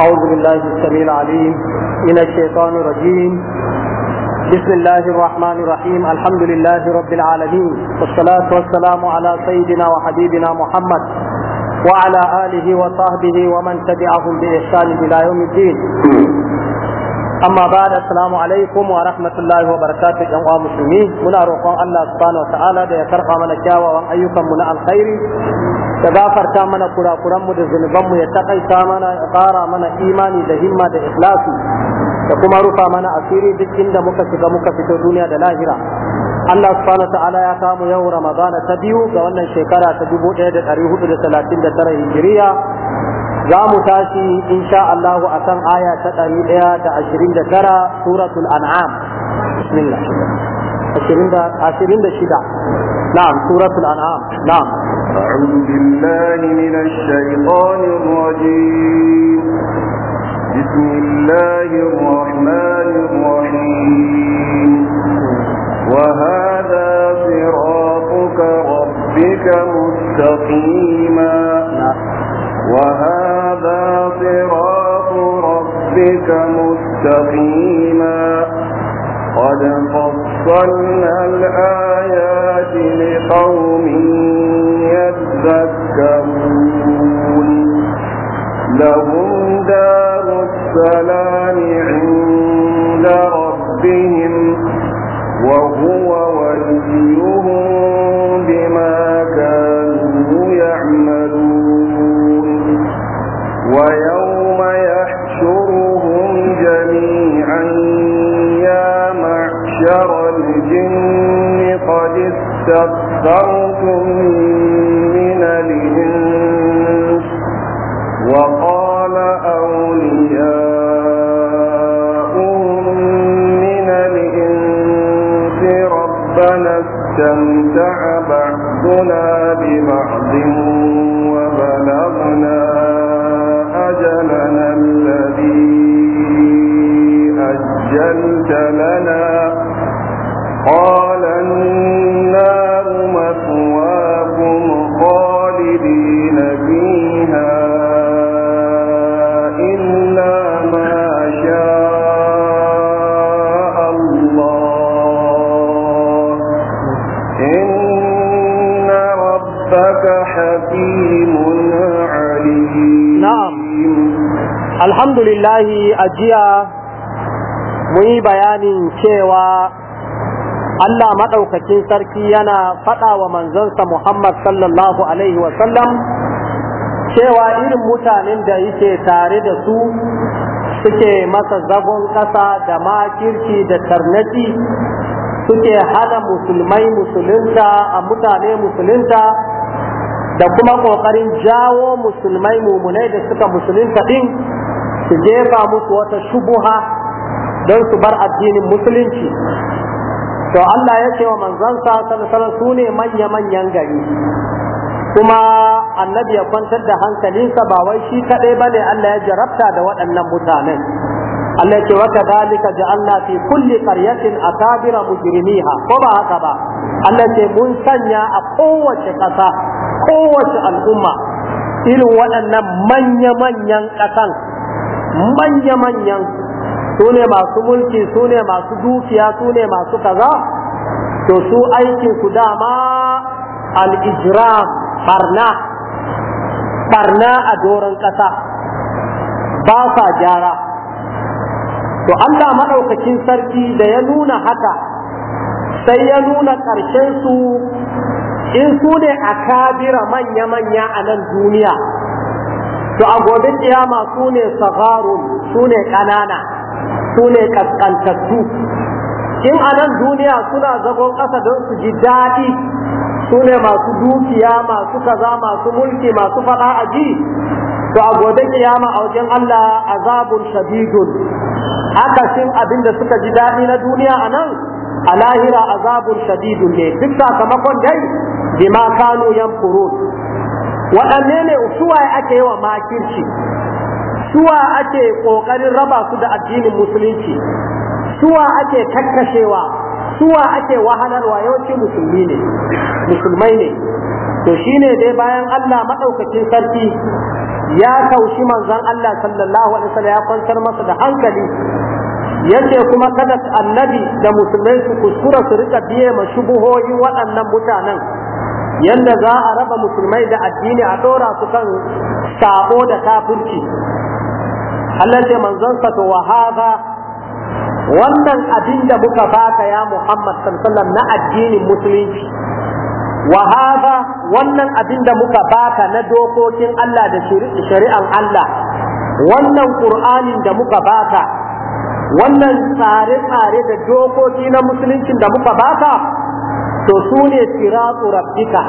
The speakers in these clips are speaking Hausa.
أعوذ بالله السميع العليم من الشيطان الرجيم بسم الله الرحمن الرحيم الحمد لله رب العالمين والصلاة والسلام على سيدنا وحبيبنا محمد وعلى آله وصحبه ومن تبعهم بإحسان إلى يوم الدين amma ba da salamu alaikum wa rahmatullahi wa barakatuh yan uwa musulmi muna roƙon Allah subhanahu ta'ala da ya karɓa mana kyawawan ayyukan mu na alkhairi da gafarta mana kurakuran mu da zunuban mu ya takaita mana ya ƙara mana imani da himma da ikhlasi da kuma rufa mana asiri duk inda muka shiga muka fito duniya da lahira Allah subhanahu ta'ala ya kamu yau Ramadana ta biyu ga wannan shekara ta 1439 Hijiriya za mu tashi insha Allah akan aya ta 129 suratul an'am bismillah 26 na'am suratul an'am na'am أعوذ بالله من الشيطان الرجيم بسم الله الرحمن الرحيم وهذا صراطك ربك مستقيما وهذا صراط ربك مستقيما قد فصلنا الآيات لقوم يذكرون لهم دار السلام عند ربهم وهو وليهم الجن قد استكثرتم من الإنس وقال أولياؤهم من الإنس ربنا استمتع بعضنا ببعض وبلغنا أجلنا الذي أجلت لنا alhamdulillahi a jiya mun yi bayanin cewa Allah maɗaukakin sarki yana faɗa wa manzansa Muhammad sallallahu Alaihi wasallam cewa irin mutanen da yake tare da su suke masa zagon ƙasa da makirci da tarnaki suke hana musulmai musulunta a mutane musulunta da kuma ƙoƙarin jawo musulmai mummunai da suka musulunta ɗin su jefa musu wata shubuha don su bar addinin musulunci to Allah ya ce wa manzon sa sallallahu su ne manya manyan gari kuma annabi ya kwantar da hankalinsa ba wai shi kadai bane Allah ya jarabta da waɗannan mutanen Allah ya ce wa kadhalika ja'alna fi kulli qaryatin akabira mujrimiha ko ba haka ba Allah ce mun sanya a kowace ƙasa kowace al'umma irin waɗannan manya-manyan ƙasan manya-manyan su ne masu mulki su ne masu dukiya su ne masu kaza to su aikin ku dama al-ijram barna barna a doron ƙasa ba sa gyara to Allah maɗaukakin sarki da ya nuna haka sai ya nuna ƙarshen su in su ne akabira manya-manya a nan duniya to a gobe kiyama su ne sagarun su ne ƙanana su ne ƙasƙantattu in a nan duniya suna zagon ƙasa don su ji daɗi su ne masu dukiya masu kaza masu mulki masu faɗa a ji to a gobe kiyama a wajen Allah azabun shadidun akasin abin da suka ji daɗi na duniya a nan a lahira azabun shadidun ne duk sakamakon dai bima kanu yanfurun waɗanne ne suwaye ake yi wa makirci suwa ake ƙoƙarin raba su da addinin musulunci suwa ake kakkashewa suwa ake wahalarwa yawanci musulmi ne musulmai ne to shine dai bayan Allah maɗaukacin sarki ya kaushi manzon Allah sallallahu alaihi wasallam ya kwantar masa da hankali yace kuma kada annabi da musulmai su kuskura su rika biye ma shubuhoyin waɗannan mutanen yadda za a raba musulmai da addini a ɗora su kan sabo da kafirci Allah ce manzon sa to wannan abin da muka baka ya Muhammad sallallahu na addinin musulunci wahaza wannan abin da muka baka na dokokin Allah da shari'an Allah wannan Qur'anin da muka baka wannan tsare-tsare da dokoki na musuluncin da muka baka to su ne siratu rabbika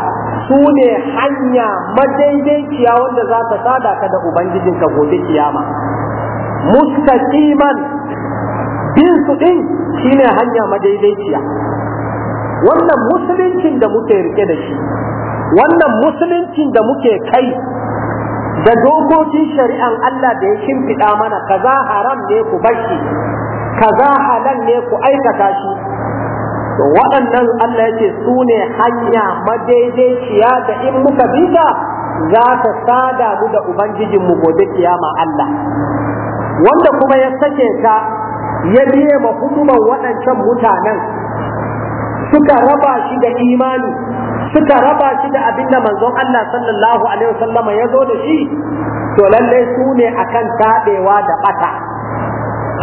su ne hanya madaidaiciya wanda za ta sada ka da ubangijinka gobe kiyama mustaqiman bin su din shine hanya madaidaiciya wannan musuluncin da muke rike da shi wannan musuluncin da muke kai da dokokin shari'an Allah da ya shimfiɗa mana kaza haram ne ku bashi kaza halal ne ku aikata shi waɗannan Allah ya ce su ne hanya madaidaiciya da in muka bi ta za ta sada mu da mu gobe kiyama Allah wanda kuma ya sake ta ya biye ma hukumar waɗancan mutanen suka raba shi da imani suka raba shi da abin da manzon Allah sallallahu alaihi wasallam ya zo da shi to lallai su ne akan taɗewa da ɓata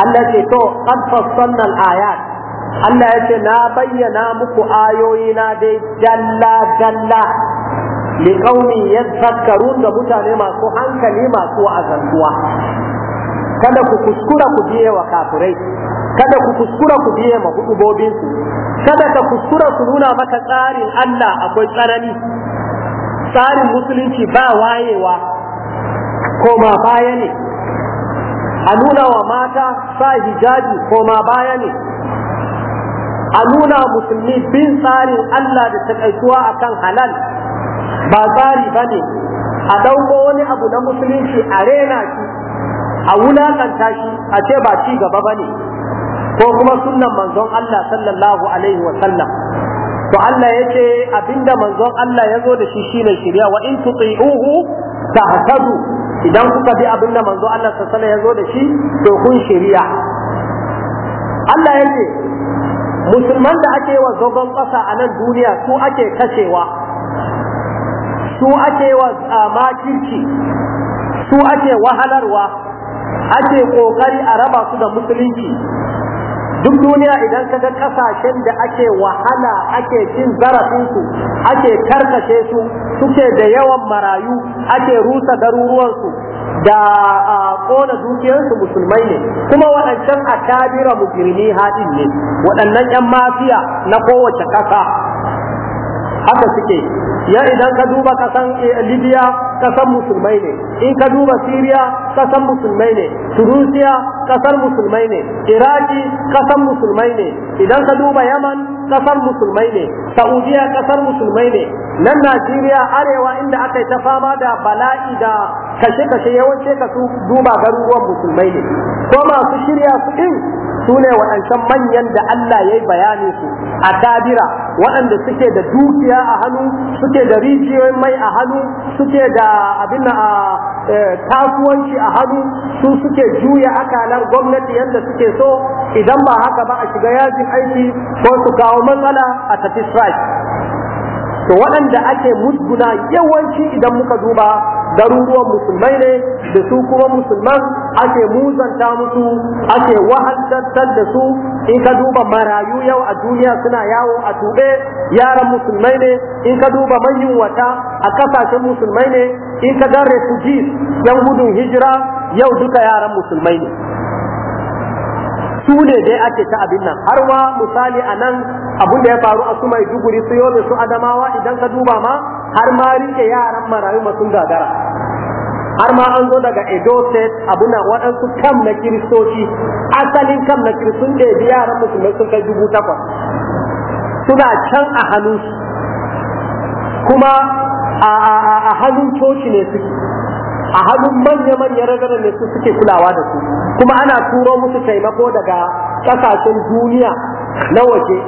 Allah ce to qad fassalna ayat Allah ya ce na bayyana muku ayoyi na dai jalla jalla. li qaumi da mutane masu hankali masu azantuwa kada ku kuskura ku biye wa kafirai kada ku kuskura ku biye ma hudubobin kada ka kuskura ku nuna maka tsarin Allah akwai tsanani tsarin musulunci ba wayewa ma baya ne a nuna wa mata sa hijabi koma baya ne a nuna musulmi bin tsarin Allah da takaituwa akan halal ba tsari ba ne a ɗauko wani abu na musulunci a rena shi a wulakanta shi a ce ba ci gaba ba ne ko kuma sunnan manzon Allah sallallahu alaihi wa sallam to Allah ya ce abinda manzon Allah ya zo da shi shine shirya wa in tuti'uhu tahtadu idan kuka bi abinda manzon Allah sallallahu alaihi wa sallam ya zo da shi to kun shirya Allah ya ce musulman da ake wa zogon ƙasa a nan duniya su ake kashewa su ake wa makirci su ake wahalarwa ake ƙoƙari a raba su da musulunci duk duniya idan ka ga kasashen da ake wahala ake cin zarafinsu ake karkace su suke da yawan marayu ake rusa garuruwansu da kona dukiyarsu musulmai ne kuma waɗancan a kabira musulmi haɗin ne waɗannan yan mafiya na kowace ƙasa haka suke ya idan ka duba kasan eh, libya kasan musulmai ne in ka duba syria kasan musulmai ne tunisia kasan musulmai ne iraki kasan musulmai ne idan ka duba yaman kasar musulmai ne saudiya kasar musulmai ne nan najeriya arewa inda aka yi ta fama da bala'i da kashe-kashe yawanci ka su duba garuruwan musulmai ne ko masu shirya su din su ne waɗancan manyan da Allah ya yi bayanin su a kabira waɗanda suke da dukiya a hannu suke da rijiyoyin mai a hannu suke da abin a eh, kasuwanci a hannu su suke juya akalar gwamnati yadda suke so idan ba haka ba a shiga yajin aiki ko su kawo kawo matsala a tafi strike to waɗanda ake musguna yawanci idan muka duba garuruwan musulmai ne da su kuma musulman ake muzanta musu ake wa'azantar da su in ka duba marayu yau a duniya suna yawo a tube yaran musulmai ne in ka duba manyan wata a kasashen musulmai ne in ka ga refugees yan gudun hijira yau duka yaran musulmai ne su ne dai ake ta abin nan har ma misali a nan abin da ya faru a su mai duguri su yobe su adamawa idan ka duba ma har ma rike yaran marayu masu gagara har ma an zo daga edo state abin nan waɗansu kam na kiristoci asalin kam na kiristun da bi yaran musulmai sun kai dubu takwas suna can a hannu kuma a hannun coci ne suke a hannun manya manya ragarar ne su suke kulawa da su kuma ana turo musu taimako daga ƙasashen duniya na waje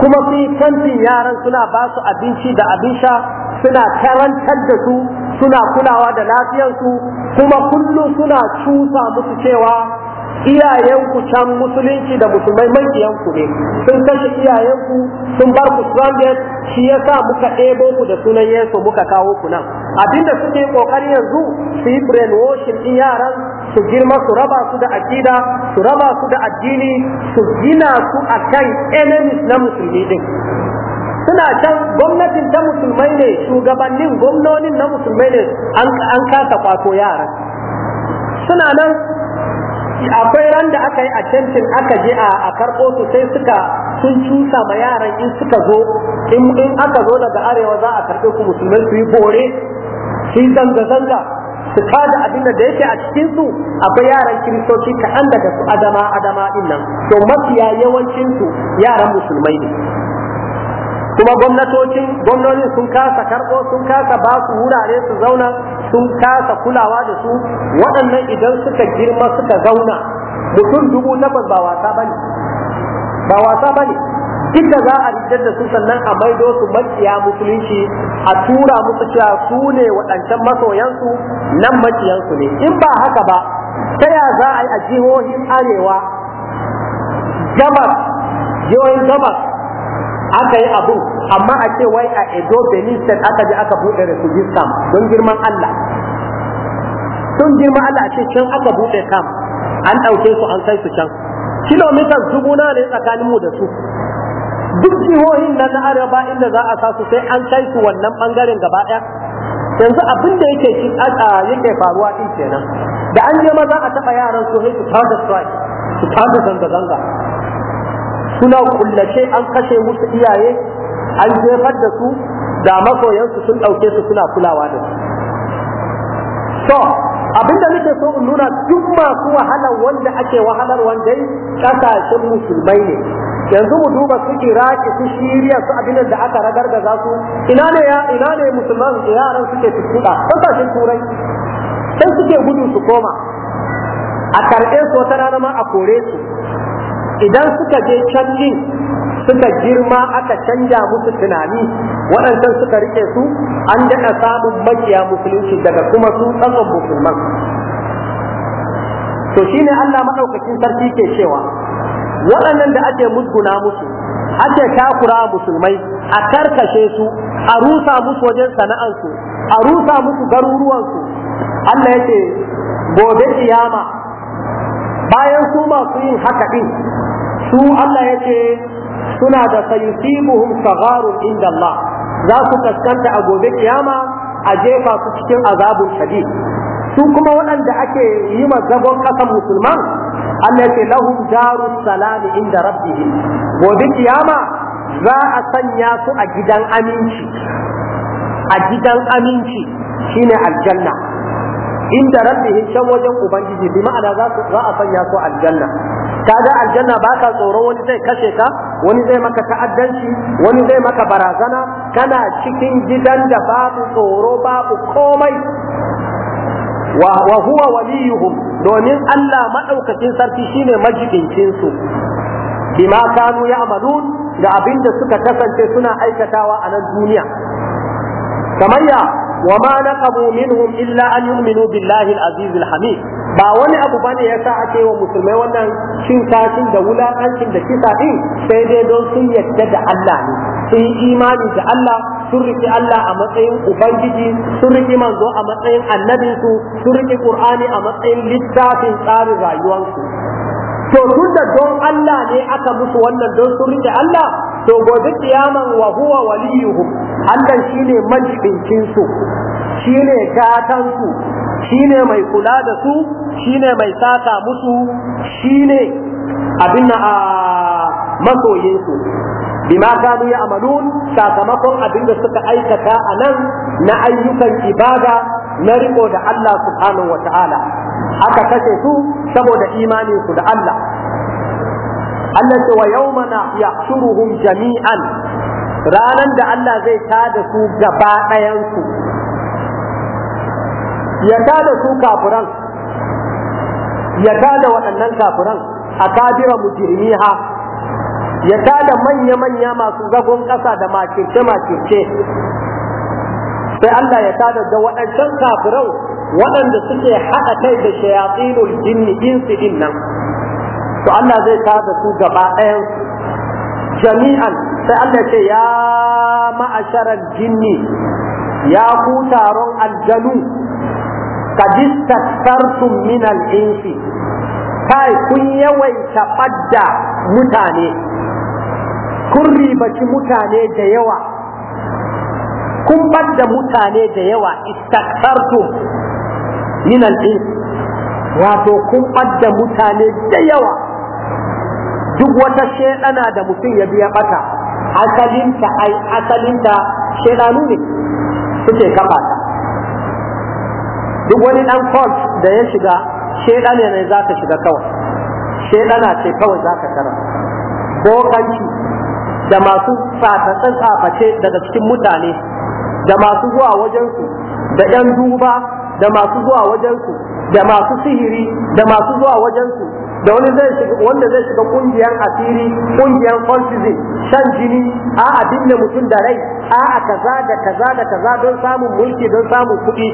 kuma fi kantin yaran suna ba su abinci da abin sha suna karantar da su suna kulawa da lafiyarsu kuma kullum suna cusa musu cewa iyayenku can musulunci da musulmai makiyanku ne sun kashe iyayenku sun bar ku stranded shi ya sa muka ɗebo ku da sunan Yesu muka kawo ku nan abinda suke kokarin yanzu su yi brainwashing din yaran su girma su raba su da akida su raba su da addini su gina su akan enemies na musulmi din suna can gwamnatin ta musulmai ne shugabannin gwamnonin na musulmai ne an kasa kwato yaran suna nan akwai ran da aka yi a tentin aka je a karɓo su sai suka sun cusa ma yaran in suka zo in aka zo daga arewa za a karɓe ku musulmai su yi bore su yi zanga-zanga su kada abin da yake a cikin su akwai yaran kiristoci kaɗan daga su adama adama din nan to mafiya yawancin su yaran musulmai ne kuma gwamnatocin gwamnoni sun kasa karɓo sun kasa ba su wurare su zauna sun kasa kulawa da su waɗannan idan suka girma suka zauna mutum dubu takwas ba wasa bane ba wasa bane duk da za a rijar da su sannan a maido su makiya musulunci a tura musu cewa su ne waɗancan masoyansu nan makiyansu ne in ba haka ba ta ya za a yi a jihohin arewa gabas jihohin gabas aka yi abu amma a ce wai a edo benin aka je aka buɗe refugee camp don girman allah don girman allah a ce can aka buɗe camp an ɗauke su an kai su can kilomitar dubu na ne tsakaninmu da su duk jihohin nan na arewa inda za a sa su sai an kai su wannan bangaren gaba ɗaya yanzu abin da yake yake faruwa din kenan da an je maza a taɓa yaran su sai su tada strike su tada zanga-zanga suna kullace an kashe musu iyaye an jefar da su da masoyansu sun ɗauke su suna kulawa da su to abinda nake so in nuna duk masu wahalar wanda ake wahalar wanda kasashen musulmai ne yanzu mu duba su iraki su shiriya su abin da aka ragargaza su ina ne ya ina ne musulman yaran suke tuttuɗa kasashen turai sai suke gudu su koma a karɓe su wata rana ma a kore su idan suka je canji suka girma aka canja musu tunani waɗancan suka rike su an daɗa samun makiya musulunci daga kuma su tsantsan musulman to shine Allah maɗaukakin sarki ke cewa waɗannan da ake musguna musu ake takura musulmai a karkashe su a rusa musu wajen sana'ansu a rusa musu garuruwansu Allah yake gobe kiyama bayan su masu yin haka din su Allah ya ce suna da sayusibuhum sagharun inda Allah za su kaskanta a gobe kiyama a jefa su cikin azabun shadid su kuma waɗanda ake yi ma zagon ƙasan musulman Allah ya ce lahum darus salami inda rabbihim gobe kiyama za a sanya su a gidan aminci a gidan aminci shine aljanna inda rabbihim shan wajen ubangiji bi ma'ana za a sanya su aljanna kaga aljanna baka tsoro wani zai kashe ka wani zai maka ta'addanci wani zai maka barazana kana cikin gidan da babu tsoro babu komai wa huwa waliyuhum domin Allah madaukakin sarki shine majibincin su bima kanu ya'malun da abin da suka kasance suna aikatawa a nan duniya kamar wa ma naqabu minhum illa an yu'minu billahi al-aziz al-hamid ba wani abu bane ya sa ake wa musulmai wannan cin tashin da wulakancin da kisa din sai dai don sun yadda da Allah ne sun yi imani da Allah sun riƙi Allah a matsayin ubangiji sun riƙe manzo a matsayin annabinsu sun riƙe Qur'ani a matsayin littafin tsarin rayuwarsu to tun da don Allah ne aka musu wannan don sun riƙe Allah to gobe kiyaman wa huwa waliyuhum Allah shine majibincin su shine gatan su shine mai kula da su shine mai saka musu shine abin a masoyinsu bima kanu ya amalun sakamakon abin da suka aikata a nan na ayyukan ibada na riko da Allah subhanahu wata'ala aka kashe su saboda imanin su da Allah Allah ce wa yawma yahshuruhum jami'an ranan da Allah zai tada su gaba ɗayan su ya tada su kafiran ya da waɗannan kafiran a kabira mujrimiha ya tada manya-manya masu zagon ƙasa da makirce-makirce sai Allah ya tada da waɗancan kafiran waɗanda suke haɗa kai da shayatsinul jinni insu din nan to Allah zai tada su gaba ɗayan jami'an sai Allah ce ya ma'asharar jinni ya ku taron aljanu kadista sartun minal insi kai kun yawaita ɓadda mutane kun ribaci mutane da yawa kun ɓadda mutane da yawa istakartum minal insi wato kun ɓadda mutane da yawa duk wata shaidana da mutum ya biya ɓata asalinta ai asalinta shaidanu ne suke kafa ta duk wani dan cult da ya shiga shedane ne za ka shiga kawai shedana ce kawai za ka tara ko kanci da masu fatatsan tsaface daga cikin mutane da masu zuwa wajensu da yan duba da masu zuwa wajensu da masu sihiri da masu zuwa wajensu da wani zai shiga wanda zai shiga kungiyar asiri kungiyar cultism shan jini a abin mutum da rai a'a kaza da kaza da kaza don samun mulki don samun kuɗi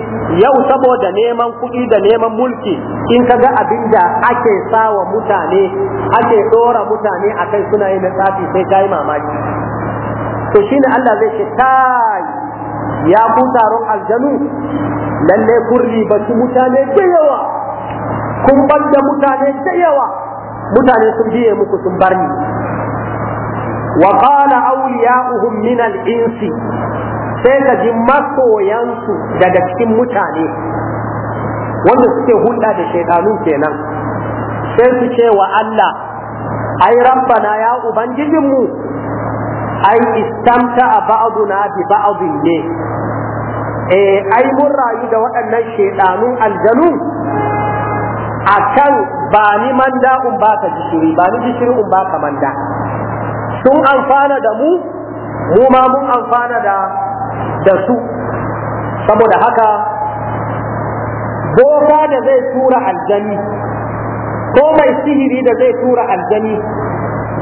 yau saboda neman kuɗi da neman mulki in ka ga abin da ake sawa mutane ake ɗora mutane a kai suna yin tsafi sai ka yi mamaki to shine Allah zai ce kai ya ku taron aljanu lalle kun su mutane da yawa kun banda mutane da yawa mutane sun biye muku sun bar ni wa qala awliya'uhum min al-insi sai ka ji masoyansu daga cikin mutane wanda suke hulɗa da shaidanu kenan sai su ce wa Allah ai na ya ubangijinmu ai istamta a na bi ba'adin ne eh ai mun rayu da waɗannan shaidanun aljanu akan ba ni manda um ba ka jishiri ba ni jishiri um ba ka manda sun amfana da mu mu ma mun amfana da da su saboda haka boka da zai tura aljani ko mai sihiri da zai tura aljani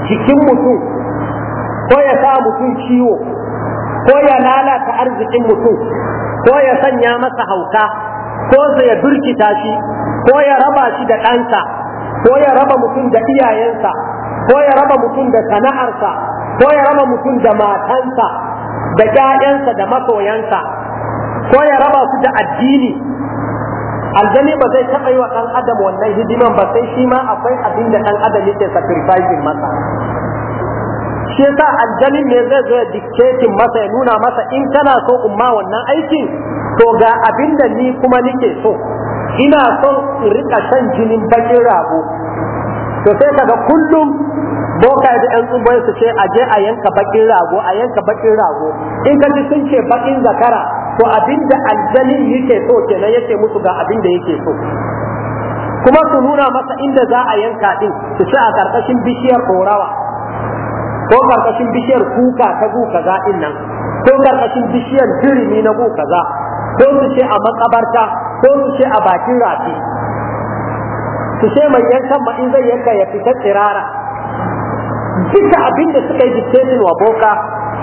cikin mutum ko ya sa mutum ciwo ko ya lalata arzikin mutum ko ya sanya masa hauka ko sai ya durkita shi ko ya raba shi da ɗansa ko ya raba mutum da iyayensa ko ya raba mutum da sana'arsa ko ya raba mutum da matansa da ƴaƴansa da masoyansa ko ya raba su da addini aljani ba zai taɓa yi wa ɗan adam wannan hidiman ba sai shi ma akwai abin da ɗan adam yake sacrificin masa shi yasa aljani ne zai zo ya dictating masa ya nuna masa in kana so umma wannan aikin to ga abin da ni kuma nike so ina son in riƙa shan jinin bakin rago to sai kaga kullum boka da yan tsumbai su ce a je a yanka bakin rago a yanka bakin rago in ka ji sun ce bakin zakara to abinda aljali yake so kenan yake musu ga abinda yake so kuma su nuna masa inda za a yanka din su ce a karkashin bishiyar korawa ko karkashin bishiyar kuka ta gu kaza din nan ko karkashin bishiyar jirimi na gu kaza ko su ce a makabarta ko su ce a bakin rafi su ce mai yankan in zai yanka ya fita tsirara duka abin da suka yi dictation wa boka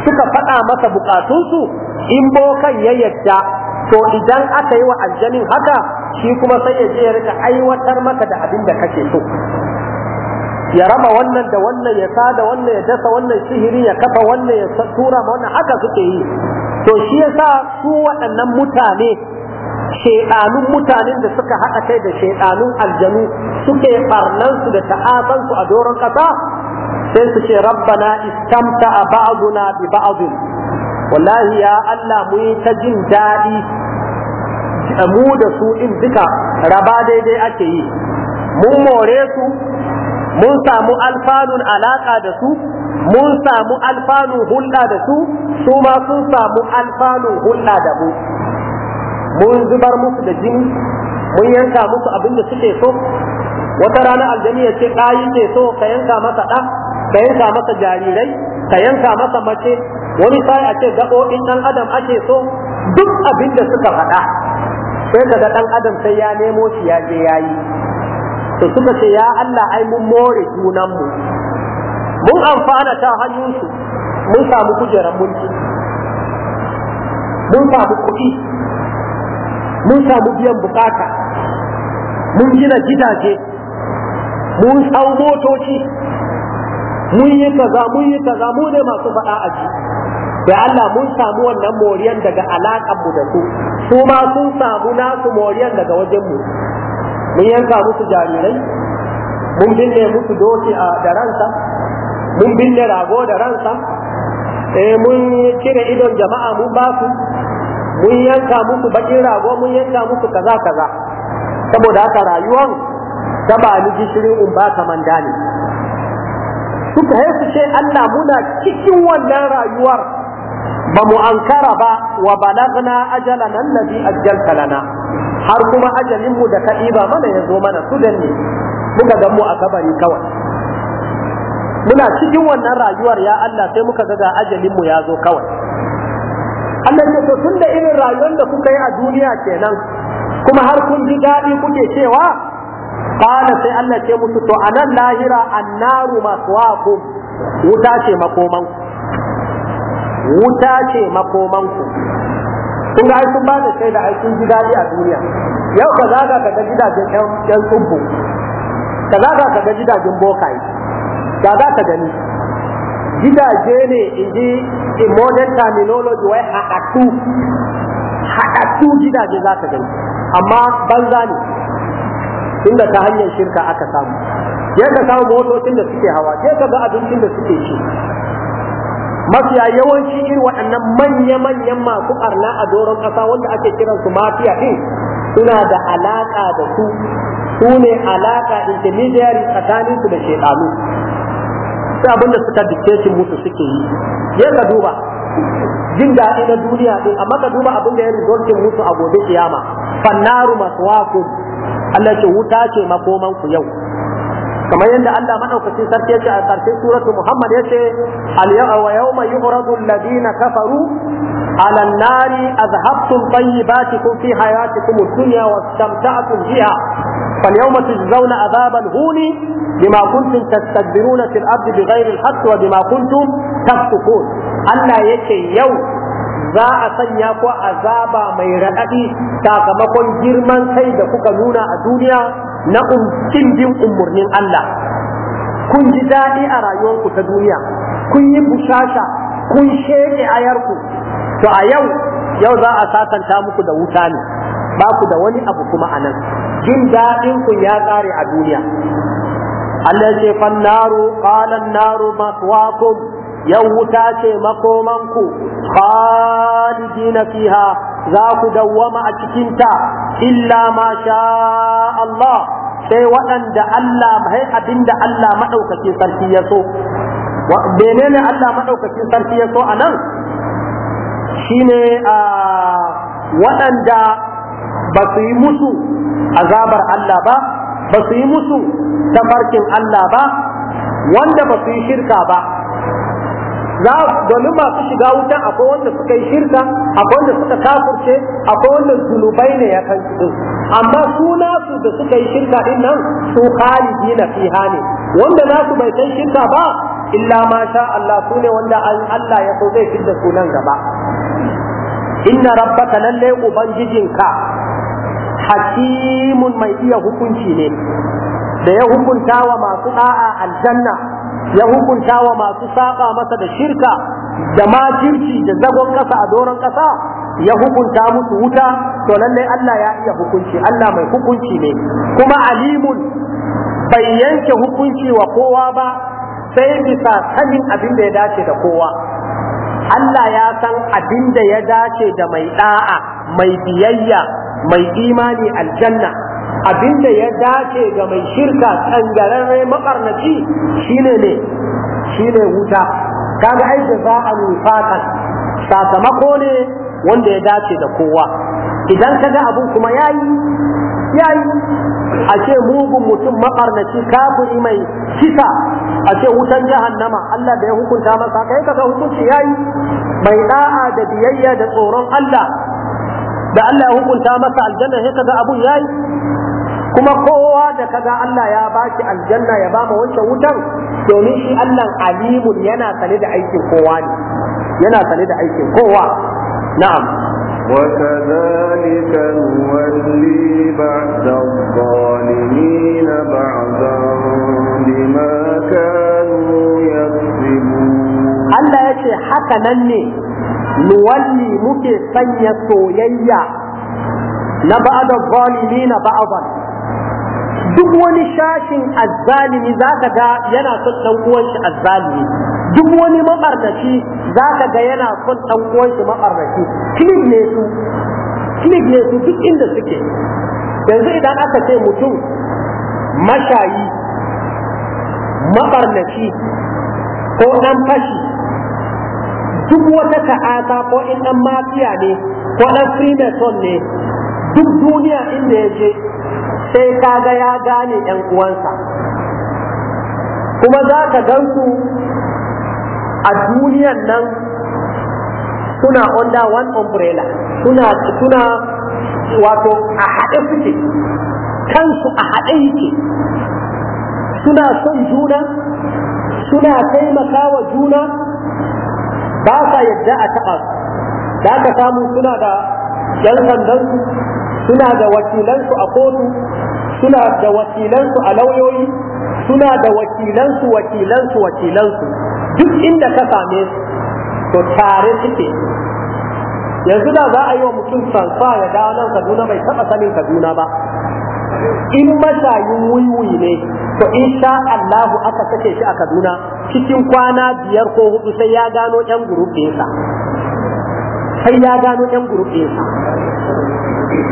suka faɗa masa bukatunsu in bokan ya yadda to idan aka yi wa aljanin haka shi kuma sai ya je ya rika aiwatar maka da abin da kake so ya raba wannan da wannan ya sada wannan ya dasa wannan sihiri ya kafa wannan ya tura ma wannan haka suke yi to shi yasa su waɗannan mutane shaidanun mutanen da suka haɗa kai da shaidanun aljanu suke barnansu da ta'asansu a doron ƙasa sai su ce rabbana istamta a ba'duna bi ba'd wallahi ya Allah mu ta jin daɗi mu da su in duka raba daidai ake yi mun more su mun samu alfanun alaƙa da su mun samu alfanun hulɗa da su su ma sun samu alfanun hulɗa da mu mun zubar musu da jini mun yanka musu abin da suke so wata rana aljani ya ce ɗayi ke so ka yanka masa ɗa ka yanka masa jarirai ka yanka masa mace wani sai a ce gaɓoɓin ɗan adam ake so duk abin da suka faɗa sai ga ɗan adam sai ya nemo shi ya je ya yi to suka ce ya Allah ai mun more junanmu mun amfana ta hannunsu mun samu kujerar mulki mun samu kuɗi mun samu biyan bukata mun gina gidaje mun tsawo motoci mun yi kaza mun yi kaza mu ne masu faɗa a ji da Allah mun samu wannan moriyan daga alaƙar mu da su su ma sun samu nasu moriyan daga wajen mu mun yanka musu jarirai mun binne musu doki a da ransa mun binne rago da ransa eh mun cire idon jama'a mun ba su mun yanka muku bakin rago mun yanka muku kaza kaza saboda haka rayuwar ta ba ni gishirin in ba ka manda ne suka yi su ce Allah muna cikin wannan rayuwar ba mu ankara ba wa balagna ajalan allazi ajjalta lana har kuma ajalin mu da ka ɗiba mana ya zo mana su ne muka ga mu a kabari kawai muna cikin wannan rayuwar ya Allah sai muka ga ajalin mu ya zo kawai Allah ya to tunda irin rayuwar da kuka yi a duniya kenan kuma har kun ji daɗi kuke cewa kana sai Allah ce musu to anan lahira annaru maswaqum wuta ce makoman wuta ce makoman ku kun ga ai ba da shaida ai kun ji daɗi a duniya yau ka zaga ka ga gidajen ƴan tsubbu ka zaga ka ga gidajen bokai ka za ka gani gidaje ne in ji in modern terminology wai haɗaɗɗu haɗaɗɗu gidaje za ka gani amma banza ne inda ta hanyar shirka aka samu je ka samu motocin da suke hawa je ka ga abincin da suke ci mafiya yawanci irin waɗannan manya-manyan masu arna a doron ƙasa wanda ake kiransu mafiya ɗin suna da alaƙa da su su ne alaƙa intermediary tsakaninsu da shekaru sai abin da suka dictation musu suke yi ya ka duba jin daɗi na duniya din amma ka duba abin da ya resultin musu a gobe kiyama fannaru maswakum Allah ce wuta ce makoman ku yau kamar yadda Allah madaukakin sarki yace a karshen suratu Muhammad yace al-yawma wa yawma yu'radu alladhina kafaru ala an-nari adhabtum tayyibatikum fi hayatikum ad-dunya wastamta'tum biha فاليوم تجزون عذاب huni? Dimakuntun kuntum tastakbiruna fil ardi bighairi al-haqq wa bima kuntum tafsukun Allah yau za a sanya ko azaba mai raɗaɗi sakamakon girman kai da kuka nuna a duniya na umkin bin umurnin Allah kun ji daɗi a rayuwarku ta duniya kun yi bushasha kun sheke ayarku to a yau yau za a satanta muku da wuta ne ba ku da wani abu kuma a nan jin daɗin ku ya ƙare a duniya Allah ce fannaru qalan naru maswakum yau wuta ce makomanku khalidina fiha za ku dawwama a cikinta illa ma sha Allah sai waɗanda Allah bai abinda Allah madaukakin sarki ya so menene Allah madaukakin sarki ya so anan shine a waɗanda ba su yi musu azabar Allah ba ba su yi musu tafarkin Allah ba wanda ba su yi shirka ba za domin masu shiga wuta akwai wanda suka yi shirka akwai wanda suka kafurce akwai wanda zunubai ne ya kan su amma suna su da suka yi shirka din nan su khalidi na fiha ne wanda nasu bai san shirka ba illa ma sha Allah su ne wanda Allah ya so zai fitta sunan gaba inna rabbaka lalle ubangijinka hakimun mai iya hukunci ne da ya hukunta wa masu da'a aljanna ya hukunta wa masu saƙa masa da shirka da makirci da zagon ƙasa a doron ƙasa, ya hukunta musu wuta to lallai Allah ya iya hukunci Allah mai hukunci ne kuma alimun bai yanke hukunci wa kowa ba sai bisa sanin abin da ya dace da kowa Allah ya san abin da ya dace da mai da'a mai biyayya mai imani aljanna abinda ya dace ga mai shirka tsangararre mabarnaci shine ne shine wuta kaga ai jaza'an wifaqan sakamako ne wanda ya dace da kowa idan kaga abun kuma yayi yi, a ce mugun mutum mabarnaci kafiri mai kisa a ce wutan jahannama Allah da ya hukunta masa kai kaga hukunci yayi mai da'a da biyayya da tsoron Allah da Allah ya hukunta masa aljanna sai kaga abun yayi kuma kowa da kaga Allah ya baki aljanna ya ba mu wancan wutan domin shi Allah alimun yana sane da aikin kowa ne yana sane da aikin kowa na'am وكذلك نولي بعد الظالمين بعضا بما كانوا يكسبون Allah ya ce haka nan ne nuwalli muke sanya soyayya na ba'da na ba'dan duk wani shashin azzalimi za ka ga yana son ɗan uwan azzalimi duk wani mabarnaci za ka ga yana son dan uwan shi mabarnaci ne su clip ne su duk inda suke yanzu idan aka ce mutum mashayi mabarnaci ko ɗan fashi duk wata ta'ata ko in dan mafiya ne ko dan freemason ne duk duniya inda ya je sai kaga ya gane yan uwansa kuma za ka su a duniyan nan suna under one umbrella suna suna wato a haɗe suke kansu a haɗe yake suna son juna suna taimaka wa juna ba sa yadda a taɓa su da ka samu suna da yan sandan suna da wakilansu a kotu suna da wakilansu a lauyoyi suna da wakilansu wakilansu wakilansu duk inda ka same su to tare suke yanzu da za a yi wa mutum sansa ya dawo nan kaduna bai taɓa sanin kaduna ba in mashayin wiwi ne to in insha Allahu aka sake shi a kaduna cikin kwana biyar ko hudu sai ya gano yan group sai ya gano yan group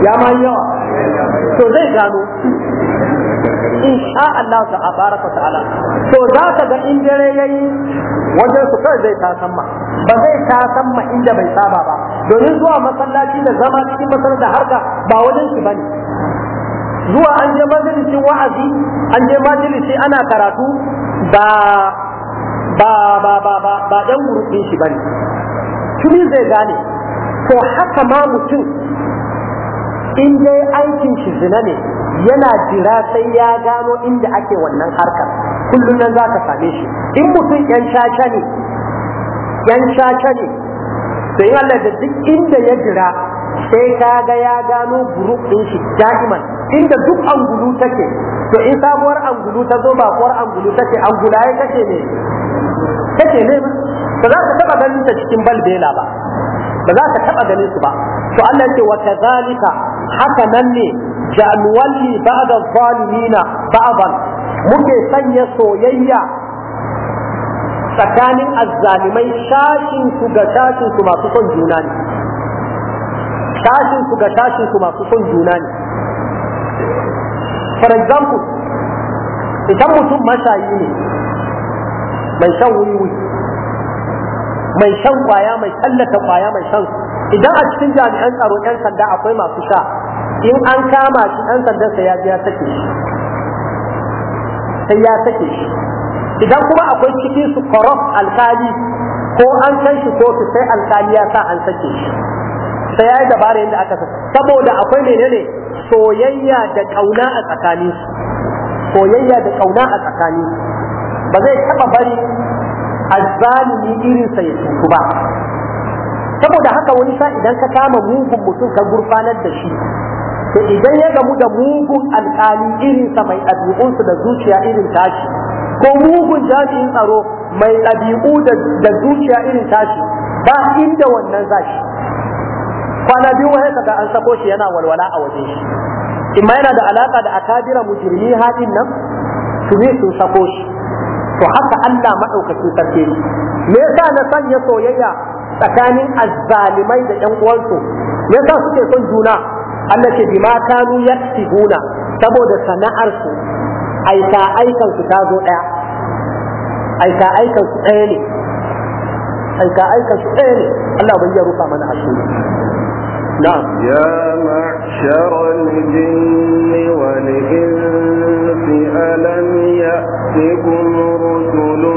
ya ma yawa to zai gano sha Allah ta abaraka ta'ala to za ka ga in dare yayi wajen su kai zai ta ma ba zai ta ma inda bai saba ba domin zuwa masallaci da zama cikin masallaci da harka ba wajen shi bane zuwa an je majalisin wa'azi an je majalisi ana karatu ba ba ba ba ba ba dan gurbin shi bane tuni zai gane to haka ma mutum in dai aikin shi zina ne yana jira sai ya gano inda ake wannan harka kullum nan za ka same shi in mutum yan shasha ne yan shasha ne sai Allah da duk inda ya jira sai ka ga ya gano gurbin shi da'iman inda duk angulu take to in sabuwar angulu ta zo bakuwar angulu ta ce angula ya kace ne kace ne ba za ka taba ganin ta cikin balbela ba ba za ka taba ganin su ba to Allah ce wa kadhalika haka nan ne ja'alwalli ba'da zalimina ba'dan muke sanya soyayya tsakanin azzalimai shashin su ga shashin su masu son juna ne shashin su ga shashin su masu son juna ne for example idan mutum mashayi ne mai shan wiwi mai shan kwaya mai tallata kwaya mai shan idan a cikin jami'an tsaro yan sanda akwai masu sha in an kama shi yan sandan sai ya je ya sake shi sai ya sake shi idan kuma akwai cikin su corrupt alkali ko an kai shi kotu sai alkali ya sa an sake shi sai ya yi dabara yadda aka saboda akwai menene soyayya da kauna a tsakanin soyayya da kauna a ba zai taba bari azzalimi irin sa ya tuku ba saboda haka wani sa idan ka kama mugun mutum ka gurfanar da shi to idan ya gamu da mugun alkali irin sa mai ɗabi'unsu da zuciya irin tashi ko mugun jami'in tsaro mai ɗabi'u da zuciya irin tashi ba inda wannan zashi kwana biyu wai kaga an sako shi yana walwala a waje shi in ma yana da alaka da akabira mujrimi haɗin nan su ne sun sako shi to haka Allah madaukakin sarki me yasa na sanya soyayya tsakanin azzalimai da ƴan uwansu me yasa suke son juna Allah ce ma kanu yaksibuna saboda sana'ar su aika aikan su ta zo daya aika aikan su ɗaya ne aika aikan su ɗaya ne Allah bai ya rufa mana asiri نعم يا معشر الجن والإنس ألم يأتكم رسل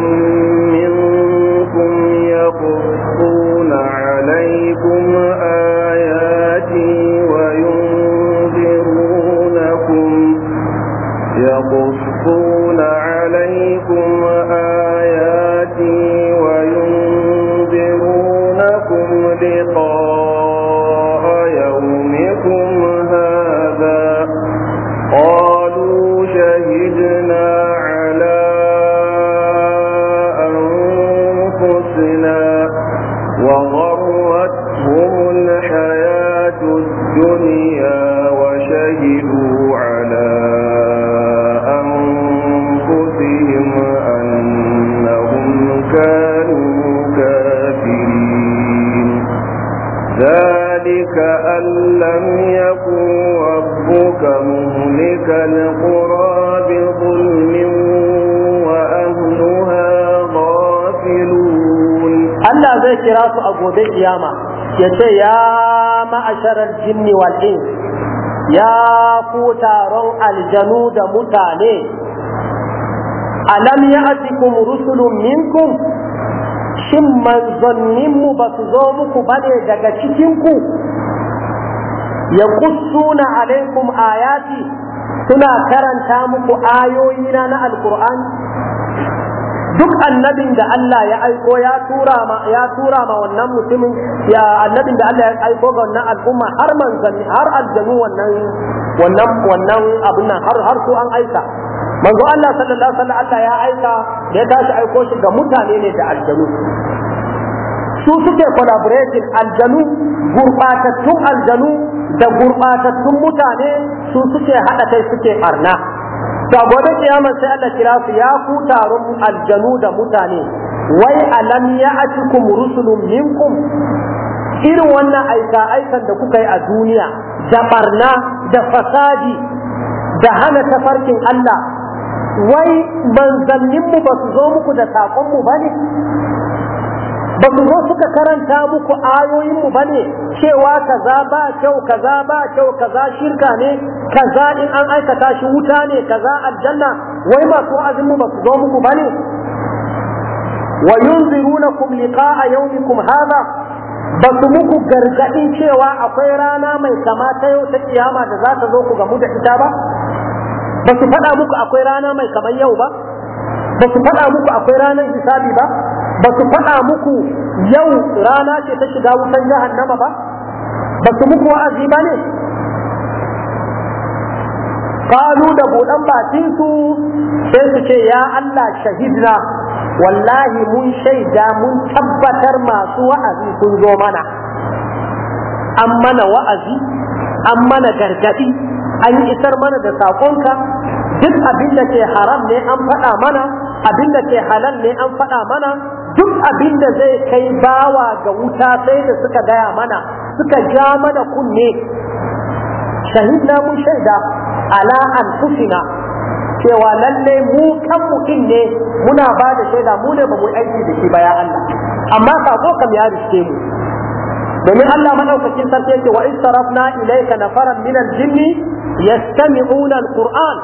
yace ya ma'asharar jinni wal in ya ku taron aljanu da mutane alam ya'tikum rusulun minkum shin mu ba su zo muku bane daga cikinku kusuna alaikum ayati suna karanta muku ayoyina na alqur'ani duk annabin da Allah ya aiko ya tura ma ya tura ma wannan mutumin ya annabin da Allah ya aiko ga wannan al'umma har manzanni har aljamu wannan wannan wannan abin nan har har su an aika manzo Allah sallallahu alaihi wasallam ya aika da ya tashi aiko shi ga mutane ne da aljanu su suke collaborating aljanu gurbatattun aljanu da gurbatattun mutane su suke hada kai suke arna da gobe kiyama sai Allah kira su ya ku taron aljanu da mutane wai alam ya atikum rusulun minkum irin wannan aika aikan da kuka yi a duniya da barna da fasadi da hana tafarkin Allah wai manzanninmu ba su zo muku da saƙonmu ba ne ba su zo suka karanta muku ayoyinmu ba ne cewa kaza ba kyau kaza ba kyau kaza shirka ne kaza in an aikata shi wuta ne kaza aljanna wai masu azumu ba su zo muku ba ne wa yunzirunakum liqa'a yawmikum hadha ba su muku gargadin cewa akwai rana mai kama ta yau ta kiyama da za ta zo ku gamu da ita ba ba su faɗa muku akwai rana mai kamar yau ba ba su faɗa muku akwai ranar hisabi ba ba su faɗa muku yau rana ce ta shiga wutan jahannama ba ba su muku wa'azi ba ne kalu da buɗan bakinsu sai su ce ya Allah shahidna wallahi mun shaida mun tabbatar masu wa'azi sun zo mana an mana wa'azi an mana gargaɗi an isar mana da saƙonka duk abin da ke haram ne an faɗa mana abinda ke halal ne an faɗa mana duk abinda zai kai bawa ga wuta sai da suka gaya mana suka ja mana kunne shahidna mun shaida ala kufina. cewa lalle mu kan din ne muna ba da shaida mu ne ba mu aiki da shi ba ya Allah amma sako kam ya rike mu domin Allah madaukakin sarki yake wa istarafna ilayka nafaran min al-jinni yastami'una al-qur'an